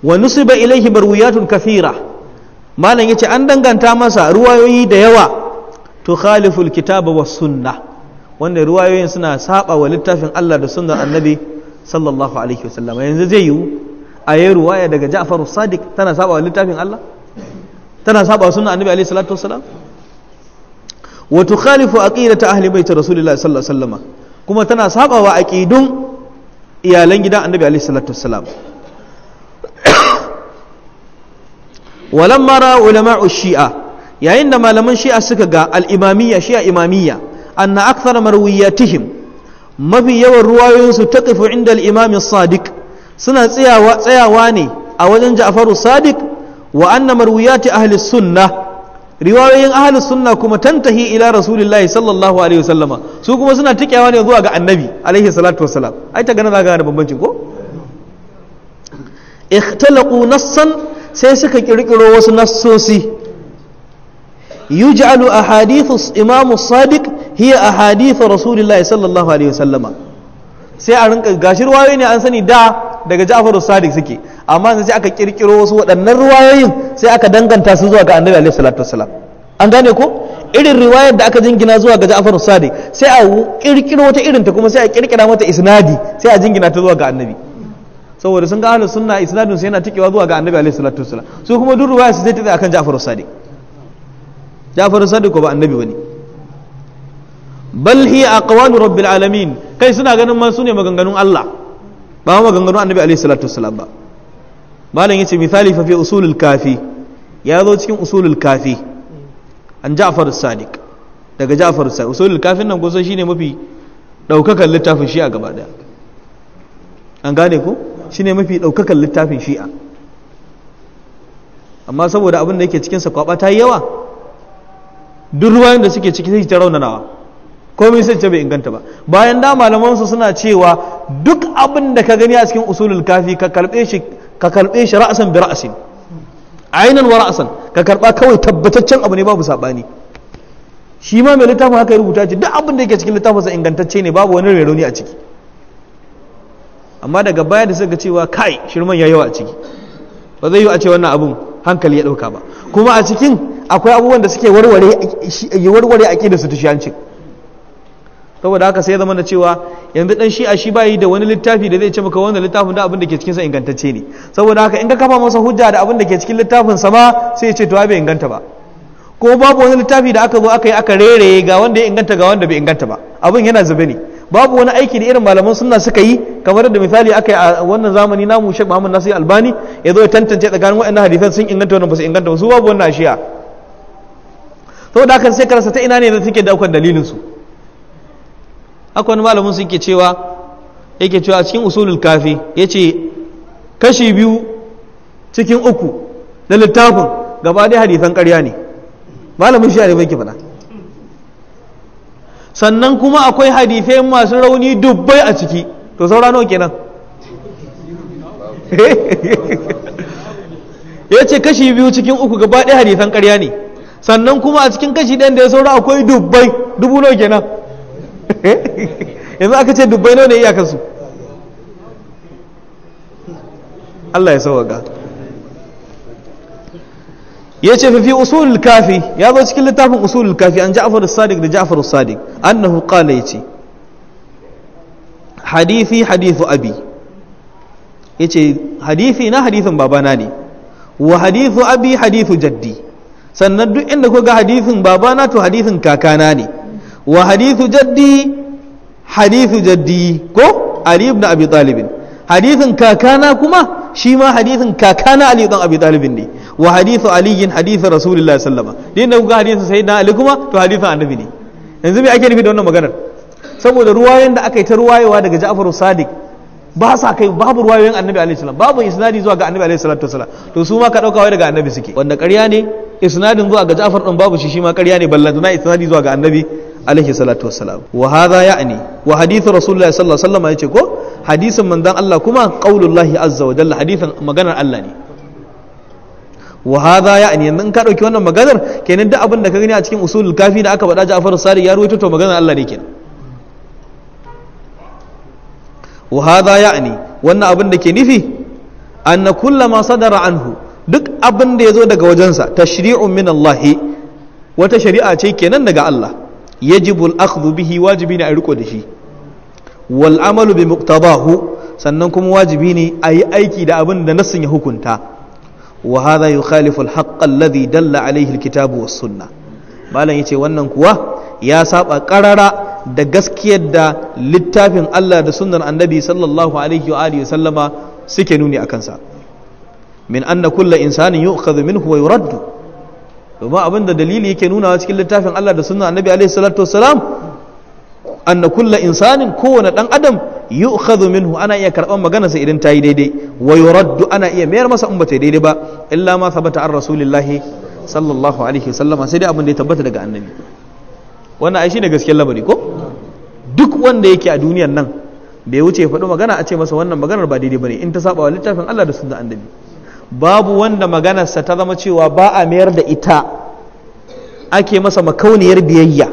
wa nusiba ilaihi barwiyatun kathira malam yace an danganta masa ruwayoyi da yawa to khaliful kitaba was sunna wanda ruwayoyin suna saba wa littafin Allah da sunnar annabi sallallahu alaihi wasallam yanzu zai yiwu a yi ruwaya daga Ja'far sadiq tana saba wa littafin Allah tana saba wa sunnar annabi alaihi salatu wasallam wa tukhalifu aqidata ahli bait rasulillahi sallallahu alaihi wasallam kuma tana sabawa aƙidun iyalan gidan annabi alaihi salatu wassalam walamma ra ulama'u shi'a yayin da malaman shi'a suka ga al imamiya, shi'a imamiyya anna akthara marwiyatihim mafi yawan ruwayoyinsu ta taqifu inda al sadiq suna tsayawa tsayawa ne a wajen ja'faru sadiq wa anna marwiyati ahli sunnah riwayoyin ahlus sunna kuma tantahi ila rasulillahi sallallahu alaihi wasallama su kuma suna tikewa ne zuwa ga annabi alaihi salatu wassalam ai ta gana za ga da bambancin ko ikhtalaqu nassan sai suka kirkiro wasu nassosi yuj'alu ahadithu imam sadiq hiya ahadithu rasulillahi sallallahu alaihi wasallama sai a rinka gashi riwayoyi ne an sani da daga Ja'far as-Sadiq suke amma sai aka kirkiro wasu waɗannan riwayoyin sai aka danganta su zuwa ga Annabi Alayhi salatu Wassalam an gane ko irin riwayar da aka jingina zuwa ga Ja'far as-Sadiq sai a kirkiro wata irin ta kuma sai a kirkira mata isnadi sai a jingina ta zuwa ga Annabi saboda sun ga ahlus sunna isnadin su yana tikewa zuwa ga Annabi Alayhi salatu Wassalam su kuma duk riwayar su zai tafi akan Ja'far as-Sadiq Ja'far as-Sadiq ba Annabi bane bal hiya aqwalu rabbil alamin kai suna ganin ma su ne maganganun Allah ba ma maganganu annabi alaihi salatu wasalam ba malam yace misali fa fi usulul kafi ya zo cikin usulul kafi an ja'far as-sadiq daga ja'far as-sadiq usulul kafin nan kusan shine mafi daukakan littafin shi'a gaba daya an gane ko shine mafi daukakan littafin shi'a amma saboda abin da yake cikin sa kwaba ta yawa duk ruwayoyin da suke ciki sai ta raunanawa komai sai ce bai inganta ba bayan da malaman su suna cewa duk abin da ka gani a cikin usulul kafi ka karbe shi ka karbe shi ra'asan bi ra'asin ainan wa ra'asan ka karba kawai tabbataccen abu ne babu sabani shi ma mai littafin haka ya rubuta ce duk abin da yake cikin littafinsa ingantacce ne babu wani raironi a ciki amma daga baya da suka cewa kai shirman ya yawa a ciki ba zai yi a ce wannan abun hankali ya ɗauka ba kuma a cikin akwai abubuwan da suke warware a ƙi da su tushiyancin saboda haka sai zama da cewa yanzu dan shi a shi bayi da wani littafi da zai ce maka wannan littafin da abin da ke cikin sa ingantacce ne saboda haka in ka kafa masa hujja da abin da ke cikin littafin sa ma sai ya ce to bai inganta ba ko babu wani littafi da aka zo aka yi aka rere ga wanda ya inganta ga wanda bai inganta ba abin yana zube ne babu wani aiki da irin malaman sunna suka yi kamar da misali aka yi a wannan zamani namu Sheikh Muhammad Nasir Albani ya zo ya tantance tsakanin waɗannan hadisan sun inganta wannan ba su inganta ba su babu wannan ashiya saboda haka sai karasa ta ina ne da take daukar dalilin su akwai wani malamin sun ke cewa yake cewa a cikin usulul kafi ya ce kashi biyu cikin uku na littafin gaba dai hadithan karya ne malamin shi ne ke faɗa sannan kuma akwai hadithai masu rauni dubbai a ciki to saura nawa kenan ya ce kashi biyu cikin uku gaba ɗaya hadithan karya ne sannan kuma a cikin kashi ɗan da ya saura akwai dubbai dubu nawa kenan yanzu aka ce dubbai nawa ne iyakansu Allah ya sauwaga ya ce fi usulul kafi ya zo cikin littafin usulul kafi an ja'afar sadiq da ja'afar sadiq annahu qala yace hadithi hadithu abi yace hadithi na hadithin babana ne wa hadithu abi hadithu jaddi sannan duk inda koga ga hadithin babana to hadithin kakana ne wa hadithu jaddi hadithu jaddi ko ali ibn abi talib hadithin kakana kuma shi ma hadithin kakana ali ibn abi talib ne wa hadithu ali hadithu rasulullahi sallama din da kuka hadithin sayyidina ali kuma to hadithin annabi ne yanzu me ake nufi da wannan maganar saboda ruwayoyin da aka yi ta ruwayewa daga Ja'far Sadiq ba sa kai babu ruwayoyin annabi alaihi salam babu isnadi zuwa ga annabi alaihi salatu wasalam to su ma ka dauka wai daga annabi suke wanda ƙarya ne isnadin zuwa ga Ja'far din babu shi shi ma ƙarya ne na isnadi zuwa ga annabi alaihi salatu wassalam wa hadha ya'ni wa hadithu rasulullah sallallahu alaihi wasallam yace ko hadisin manzon Allah kuma qaulullahi azza wa jalla hadithan maganar Allah ne wa hadha ya'ni in ka dauki wannan maganar kenan duk abin da ka gani a cikin usulul kafi da aka faɗa Ja'far Sari ya ruwaito to maganar Allah ne kenan wa hadha ya'ni wannan abin da ke nufi anna kullama sadara anhu duk abin da ya zo daga wajensa tashri'un min Allah wata shari'a ce kenan daga Allah yajibu al bihi wajibi ne a riko da shi wal amalu bi muqtadahu sannan kuma wajibi ne a yi aiki da abin da nassin ya hukunta wa hadha yukhalifu al-haqq alladhi dalla alayhi al-kitabu was sunnah malam yace wannan kuwa ya saba karara da gaskiyar da littafin Allah da sunnar annabi sallallahu alaihi wa sallama suke nuni akan sa min kulla kullu insanin yu'khadhu minhu wa yuraddu domin abin da dalili yake nunawa cikin littafin Allah da sunna annabi alaihi salatu wassalam anna kulla insanin kowane dan adam yu'khadhu minhu ana iya karban magana sa idan tayi daidai wa yuraddu ana iya mayar masa in bata daidai ba illa ma thabata an rasulillahi sallallahu alaihi wasallama sai dai abin da ya tabbata daga annabi wannan ai shine gaskiyar labari ko duk wanda yake a duniyar nan bai wuce ya faɗi magana a ce masa wannan maganar ba daidai bane in ta saba wa littafin Allah da sunna annabi babu wanda maganarsa ta zama cewa ba a mayar da ita ake masa makauniyar biyayya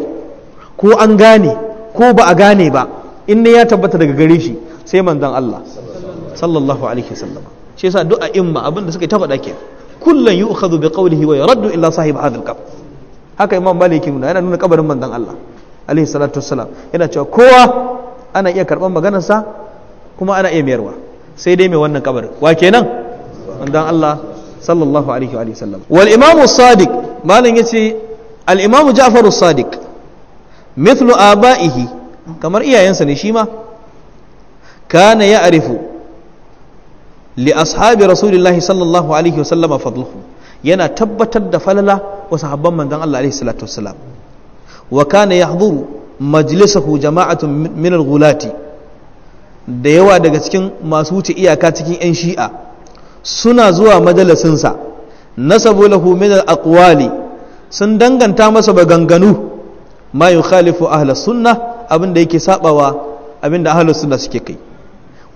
ko an gane ko ba a gane ba in ya tabbata daga gare shi sai manzon Allah sallallahu alaihi wasallam shi yasa duk imma abinda suka ta faɗa ke kullun yu'khadhu bi qawlihi wa yuraddu illa sahib hadha al haka imam malik nuna yana nuna kabarin manzon Allah alaihi salatu wassalam yana cewa kowa ana iya karban maganarsa kuma ana iya mayarwa sai dai mai wannan kabarin wa kenan manzon Allah sallallahu alaihi wa sallam wal imamu sadiq malam yace al imamu ja'far sadiq mithlu abaihi kamar iyayensa ne shi ma kana ya'rifu li ashabi Rasulillah sallallahu alaihi wa sallama fadluhu yana tabbatar da falala wa sahabban manzon Allah alaihi salatu wassalam wa kana yahduru majlisahu jama'atun min al-ghulati da yawa daga cikin masu wuce iyaka cikin 'yan shi'a suna zuwa majalisinsa nasabu lahu min al sun danganta masa baganganu ma yukhalifu ahla sunna abinda yake sabawa abinda ahla sunna suke kai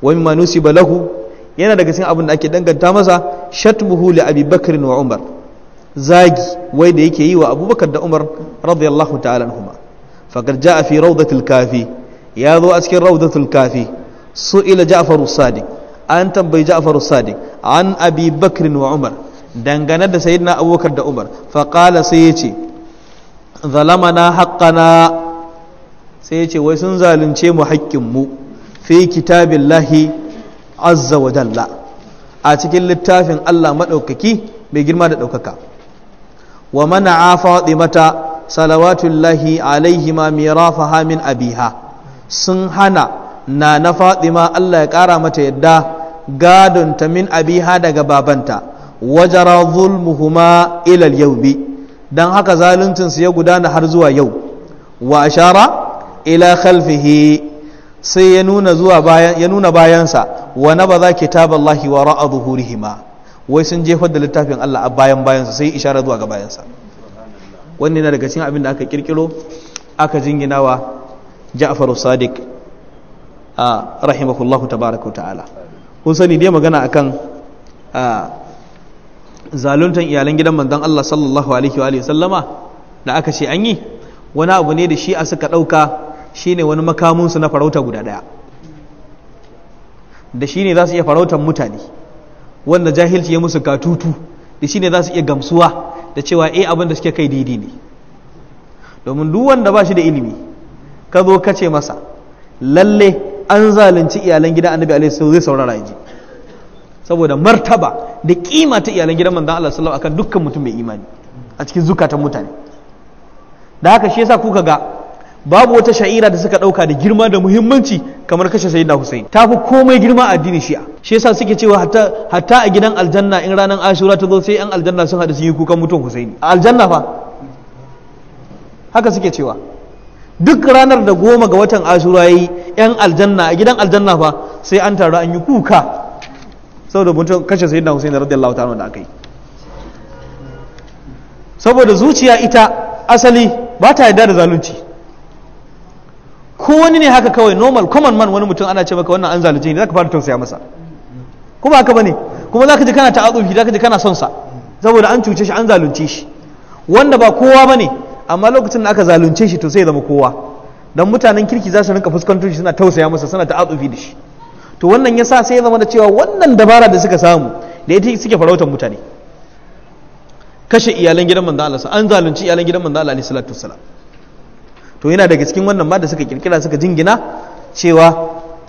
wa mimma nusiba lahu yana daga cikin da ake danganta masa shatmuhu li abi bakr wa umar zagi wai da yake yi wa abubakar da umar radiyallahu ta'ala anhuma faqad jaa fi rawdatil kafi ya zo a cikin rawdatul kafi su ila ja'faru sadiq an tambayi Ja'far sadiq an Abi Bakr wa Umar dangane da sayyidina Abubakar da Umar fa qala sai yace zalamana haqqana sai yace wai sun zalunce mu haƙƙin mu fi kitabillahi azza wa jalla a cikin littafin Allah madaukaki mai girma da daukaka wa mana'a Fatimata salawatullahi alaihima mirafaha min abiha sun hana na na fatima Allah ya ƙara mata yadda gadon ta min abiha daga babanta wajara zulmuhuma ilal yaubi don haka zaluncinsu ya gudana har zuwa yau wa ashara ila khalfihi sai ya nuna zuwa bayan ya nuna bayansa wa na ba za kitaballahi wa ra'a zuhurihima wai sun jefar da littafin Allah a bayan bayansa sai ishara zuwa ga bayansa wannan yana daga cikin abin da aka kirkiro aka jinginawa jafaru Sadiq a rahimahullahu tabaraka ta'ala kun sani dai magana akan zaluntan iyalan gidan manzon Allah sallallahu alaihi wa sallama da aka ce an yi wani abu ne da shi a suka dauka shine wani makamunsu na farauta guda ɗaya da shine za su iya farautar mutane wanda jahilci ya musu katutu da shine za su iya gamsuwa da cewa eh abin da suke kai daidai ne domin duk wanda ba shi da ilimi ka zo ka ce masa lalle an zalunci iyalan gidan annabi alaihi sallallahu zai saurara yaji saboda martaba da kima ta iyalan gidan manzon Allah sallallahu akan dukkan mutum mai imani a cikin zukatan mutane da haka shi yasa kuka ga babu wata sha'ira da suka dauka da girma da muhimmanci kamar kashe sayyidina Hussein ta fi komai girma a addinin Shi'a shi yasa suke cewa hatta hatta a gidan aljanna in ranar Ashura ta zo sai an aljanna sun hadu sun yi kukan mutum Hussein a aljanna fa haka suke cewa duk ranar da goma ga watan ashura yi yan aljanna a gidan aljanna fa sai an taru an yi kuka saboda mutum kashe sayyidina husaini radiyallahu ta'ala da akai saboda zuciya ita asali ba ta yarda da zalunci ko wani ne haka kawai normal common man wani mutum ana ce maka wannan an zalunci ne zaka fara tausaya masa kuma haka bane kuma zaka ji kana Za zaka ji kana son sa saboda an cuce shi an zalunce shi wanda ba kowa bane amma lokacin da aka zalunce shi to sai zama kowa dan mutanen kirki za su rinka fuskantar shi suna tausaya masa suna ta'atsufi da shi to wannan yasa sai ya zama da cewa wannan dabara da suka samu da ita suke farautar mutane kashe iyalan gidan manzo Allah an zalunci iyalan gidan manzo Allah alaihi salatu wassalam to yana daga cikin wannan ma da suka kirkira suka jingina cewa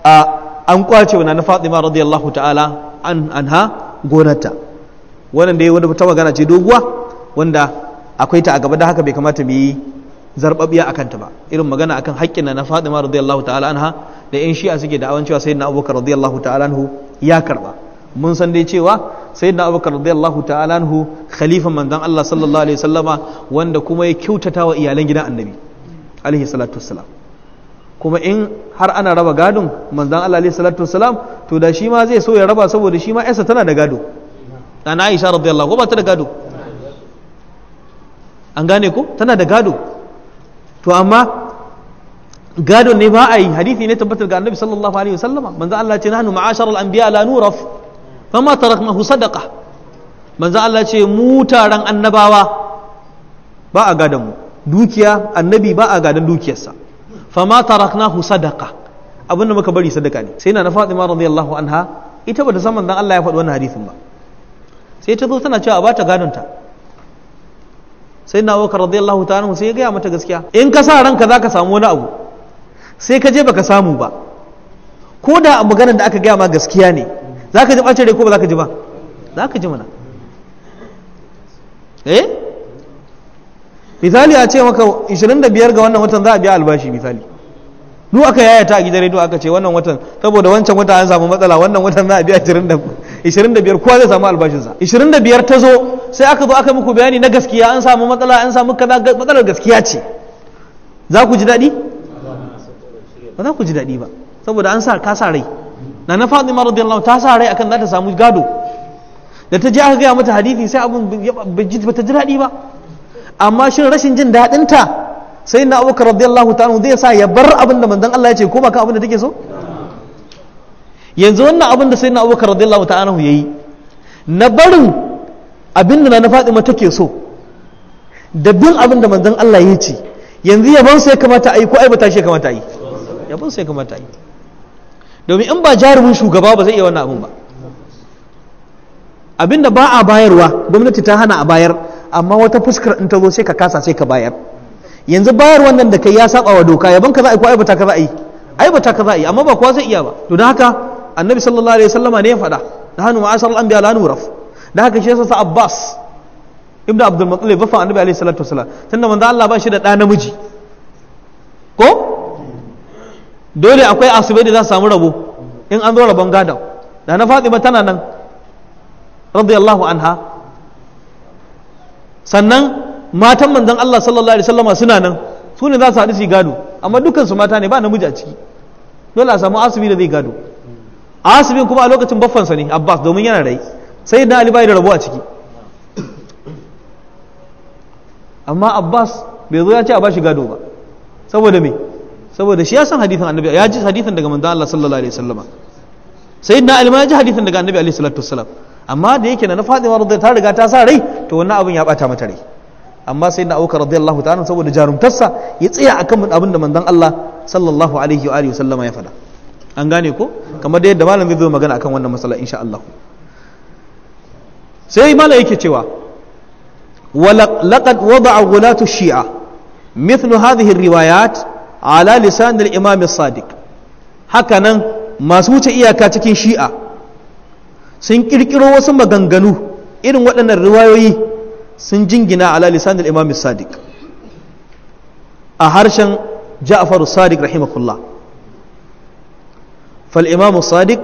a an kwace wa na Fatima radiyallahu ta'ala an anha gonata wannan dai wani ta magana ce doguwa wanda akwai ta a gaba da haka bai kamata mu yi zarbabiya a kanta ba irin magana akan haƙƙin na Fatima radiyallahu ta'ala anha da yan shi'a suke da awan cewa sayyidina Abubakar radiyallahu ta'ala anhu ya karba mun san dai cewa sayyidina Abubakar radiyallahu ta'ala anhu khalifan manzon Allah sallallahu alaihi wasallama wanda kuma ya kyautata wa iyalan gidan annabi alaihi salatu wassalam kuma in har ana raba gadon manzon Allah alaihi salatu wassalam to da shi ma zai so ya raba saboda shi ma yarsa tana da gado ana Aisha radiyallahu ba ta da gado an gane ko tana da gado to amma gado ne ba a yi hadithi ne tabbatar ga annabi sallallahu alaihi wasallama manzo Allah ce nanu ma'ashar al-anbiya la nuraf fama taraknahu sadaqa manzo Allah ce mu taran annabawa ba a gadan mu dukiya annabi ba a gadan dukiyarsa fama taraknahu sadaqa abinda muka bari sadaka ne sai na na Fatima radiyallahu anha ita bata san manzo Allah ya faɗi wannan hadisin ba sai ta zo tana cewa a bata gadonta. ta sai na wakar radiyallahu ta'ala sai ya gaya mata gaskiya in ka sa ranka za ka samu wani abu sai ka je baka samu ba ko da maganar da aka gaya ma gaskiya ne za ka ji da rai ko ba za ka ji ba za ka ji mana eh misali a ce maka 25 ga wannan watan za a biya albashi misali mu aka yaya ta a gidan radio aka ce wannan watan saboda wancan wata an samu matsala wannan watan za a biya 25 kowa zai samu albashinsa 25 ta zo sai aka zo aka muku bayani na gaskiya an samu matsala an samu kaza matsalar gaskiya ce za ku ji daɗi ba za ku ji daɗi ba saboda an sa ka sa rai na na fatima radiyallahu ta sa rai akan za ta samu gado da ta je aka gaya mata hadisi sai abun ba ta ji daɗi ba amma shin rashin jin daɗinta ta sai na abubakar radiyallahu ta'ala zai sa ya bar abin da manzon Allah ya ce koma kan abin da take so yanzu wannan abin da sai na abubakar radiyallahu ta'ala yayi na barin abin da na mata ke so da bin abin da manzon Allah ya ce yanzu yaban sai kamata a yi ko aibata shi kamata a yi yaban sai kamata a yi domin in ba jarumin shugaba ba zai iya wannan abin ba abinda ba a bayarwa gwamnati ta hana a bayar amma wata fuskar in ta zo sai ka kasa sai ka bayar yanzu bayar wannan da kai ya saba wa doka yaban ka za a yi ko aibata ka za a yi aibata ka za a yi amma ba kowa zai iya ba to don haka annabi sallallahu alaihi wasallama ne ya faɗa da hannu ma'asar al'ambiya la nuraf da haka shi yasa abbas ibn abdul muttalib bafa annabi alaihi salatu wasallam tunda manzo Allah ba shi da ɗa namiji ko dole akwai asibai da za su samu rabo in an zo rabon gadon da na fatima tana nan radiyallahu anha sannan matan manzon Allah sallallahu alaihi wasallama suna nan su ne za su haɗu su gado amma dukkan su mata ne ba namiji a ciki dole a samu asibi da zai gado asibin kuma a lokacin baffansa ne Abbas domin yana rai sai da Ali bai da rabo a ciki amma Abbas bai zo ya ce a bashi gado ba saboda me saboda shi ya san hadithin annabi ya ji hadithin daga manzon Allah sallallahu alaihi wasallama sayyidina Ali ma ya ji hadithin daga annabi alaihi salatu wasallam amma da yake na Fatima radiyallahu ta riga ta sa rai to wannan abin ya bata mata rai amma sai na aukar radiyallahu ta'ala saboda jarumtarsa ya tsaya akan abin da manzon Allah sallallahu alaihi wa sallama ya faɗa an gane ko kamar da yadda malam zai a magana akan wannan matsala insha Allah sai malam yake cewa laqad wada'a ghulatu shi'a مثل هذه riwayat. على لسان الإمام sadiq. hakanan. masu wuce iyaka cikin shi'a sun kirkiro wasu maganganu irin waɗannan riwayoyi sun jingina ala lisan al-imam sadiq a harshen ja'far sadiq rahimahullah fal imam sadiq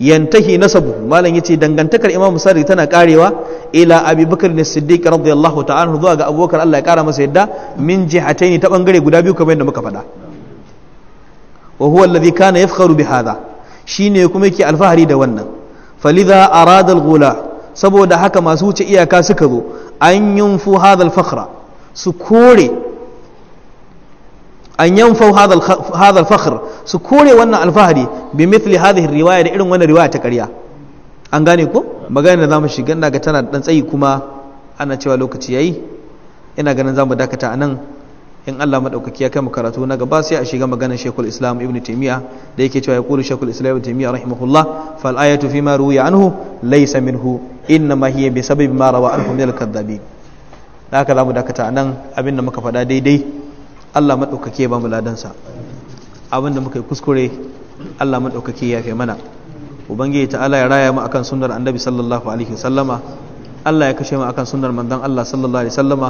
yantahi nasabu malam yace dangantakar imam sadiq tana karewa ila abi bakr ne siddiq radiyallahu ta'ala zuwa ga abubakar Allah ya kara masa yadda min jihataini ta bangare guda biyu kamar yadda muka faɗa wa huwa alladhi kana yafkharu bi hadha shine kuma yake alfahari da wannan falidha arada al-ghula saboda haka masu wuce iyaka suka zo an yunfu hadha hadal fakhra su kore an su kore wannan alfahari bi mithli hadhihi riwaya da irin wannan riwaya ta ƙarya an gane ko magana da zamu shiga ina ga tana dan tsayi kuma ana cewa lokaci yayi ina ganin zamu dakata anan in Allah madaukaki ya kai mu karatu na gaba sai a shiga maganar Sheikhul Islam Ibn Taymiyyah da yake cewa ya qulu Sheikhul Islam Ibn Taymiyyah rahimahullah fal ayatu fi ma ruwiya anhu laysa minhu inna ma hiya bi sababi ma rawa anhu min al-kadhabin haka zamu dakata anan abinda muka faɗa daidai Allah madaukake ba bamu ladan sa abinda muka yi kuskure Allah madaukake ya fi mana ubangiji ta'ala ya raya mu akan sunnar annabi sallallahu alaihi wasallama Allah ya kashe mu akan sunnar manzon Allah sallallahu alaihi wasallama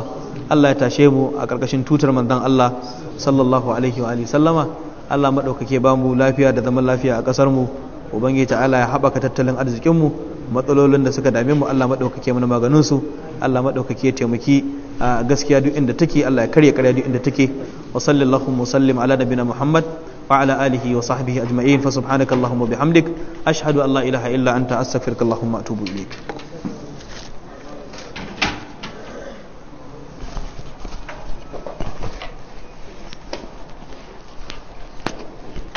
Allah ya tashe mu a karkashin tutar manzon Allah sallallahu alaihi wa alihi sallama Allah madaukake ba bamu lafiya da zaman lafiya a kasar mu ubangiji ta'ala ya haɓaka tattalin arzikin mu matsalolin da suka dame mu Allah madaukake mana maganin su Allah maɗaukake taimaki a gaskiya duk inda take Allah ya karya karya duk inda take wa sallallahu musallim ala nabina Muhammad wa ala alihi wa sahbihi ajma'in fa subhanakallahumma bihamdik ashhadu an la ilaha illa anta astaghfiruka wa atubu ilaik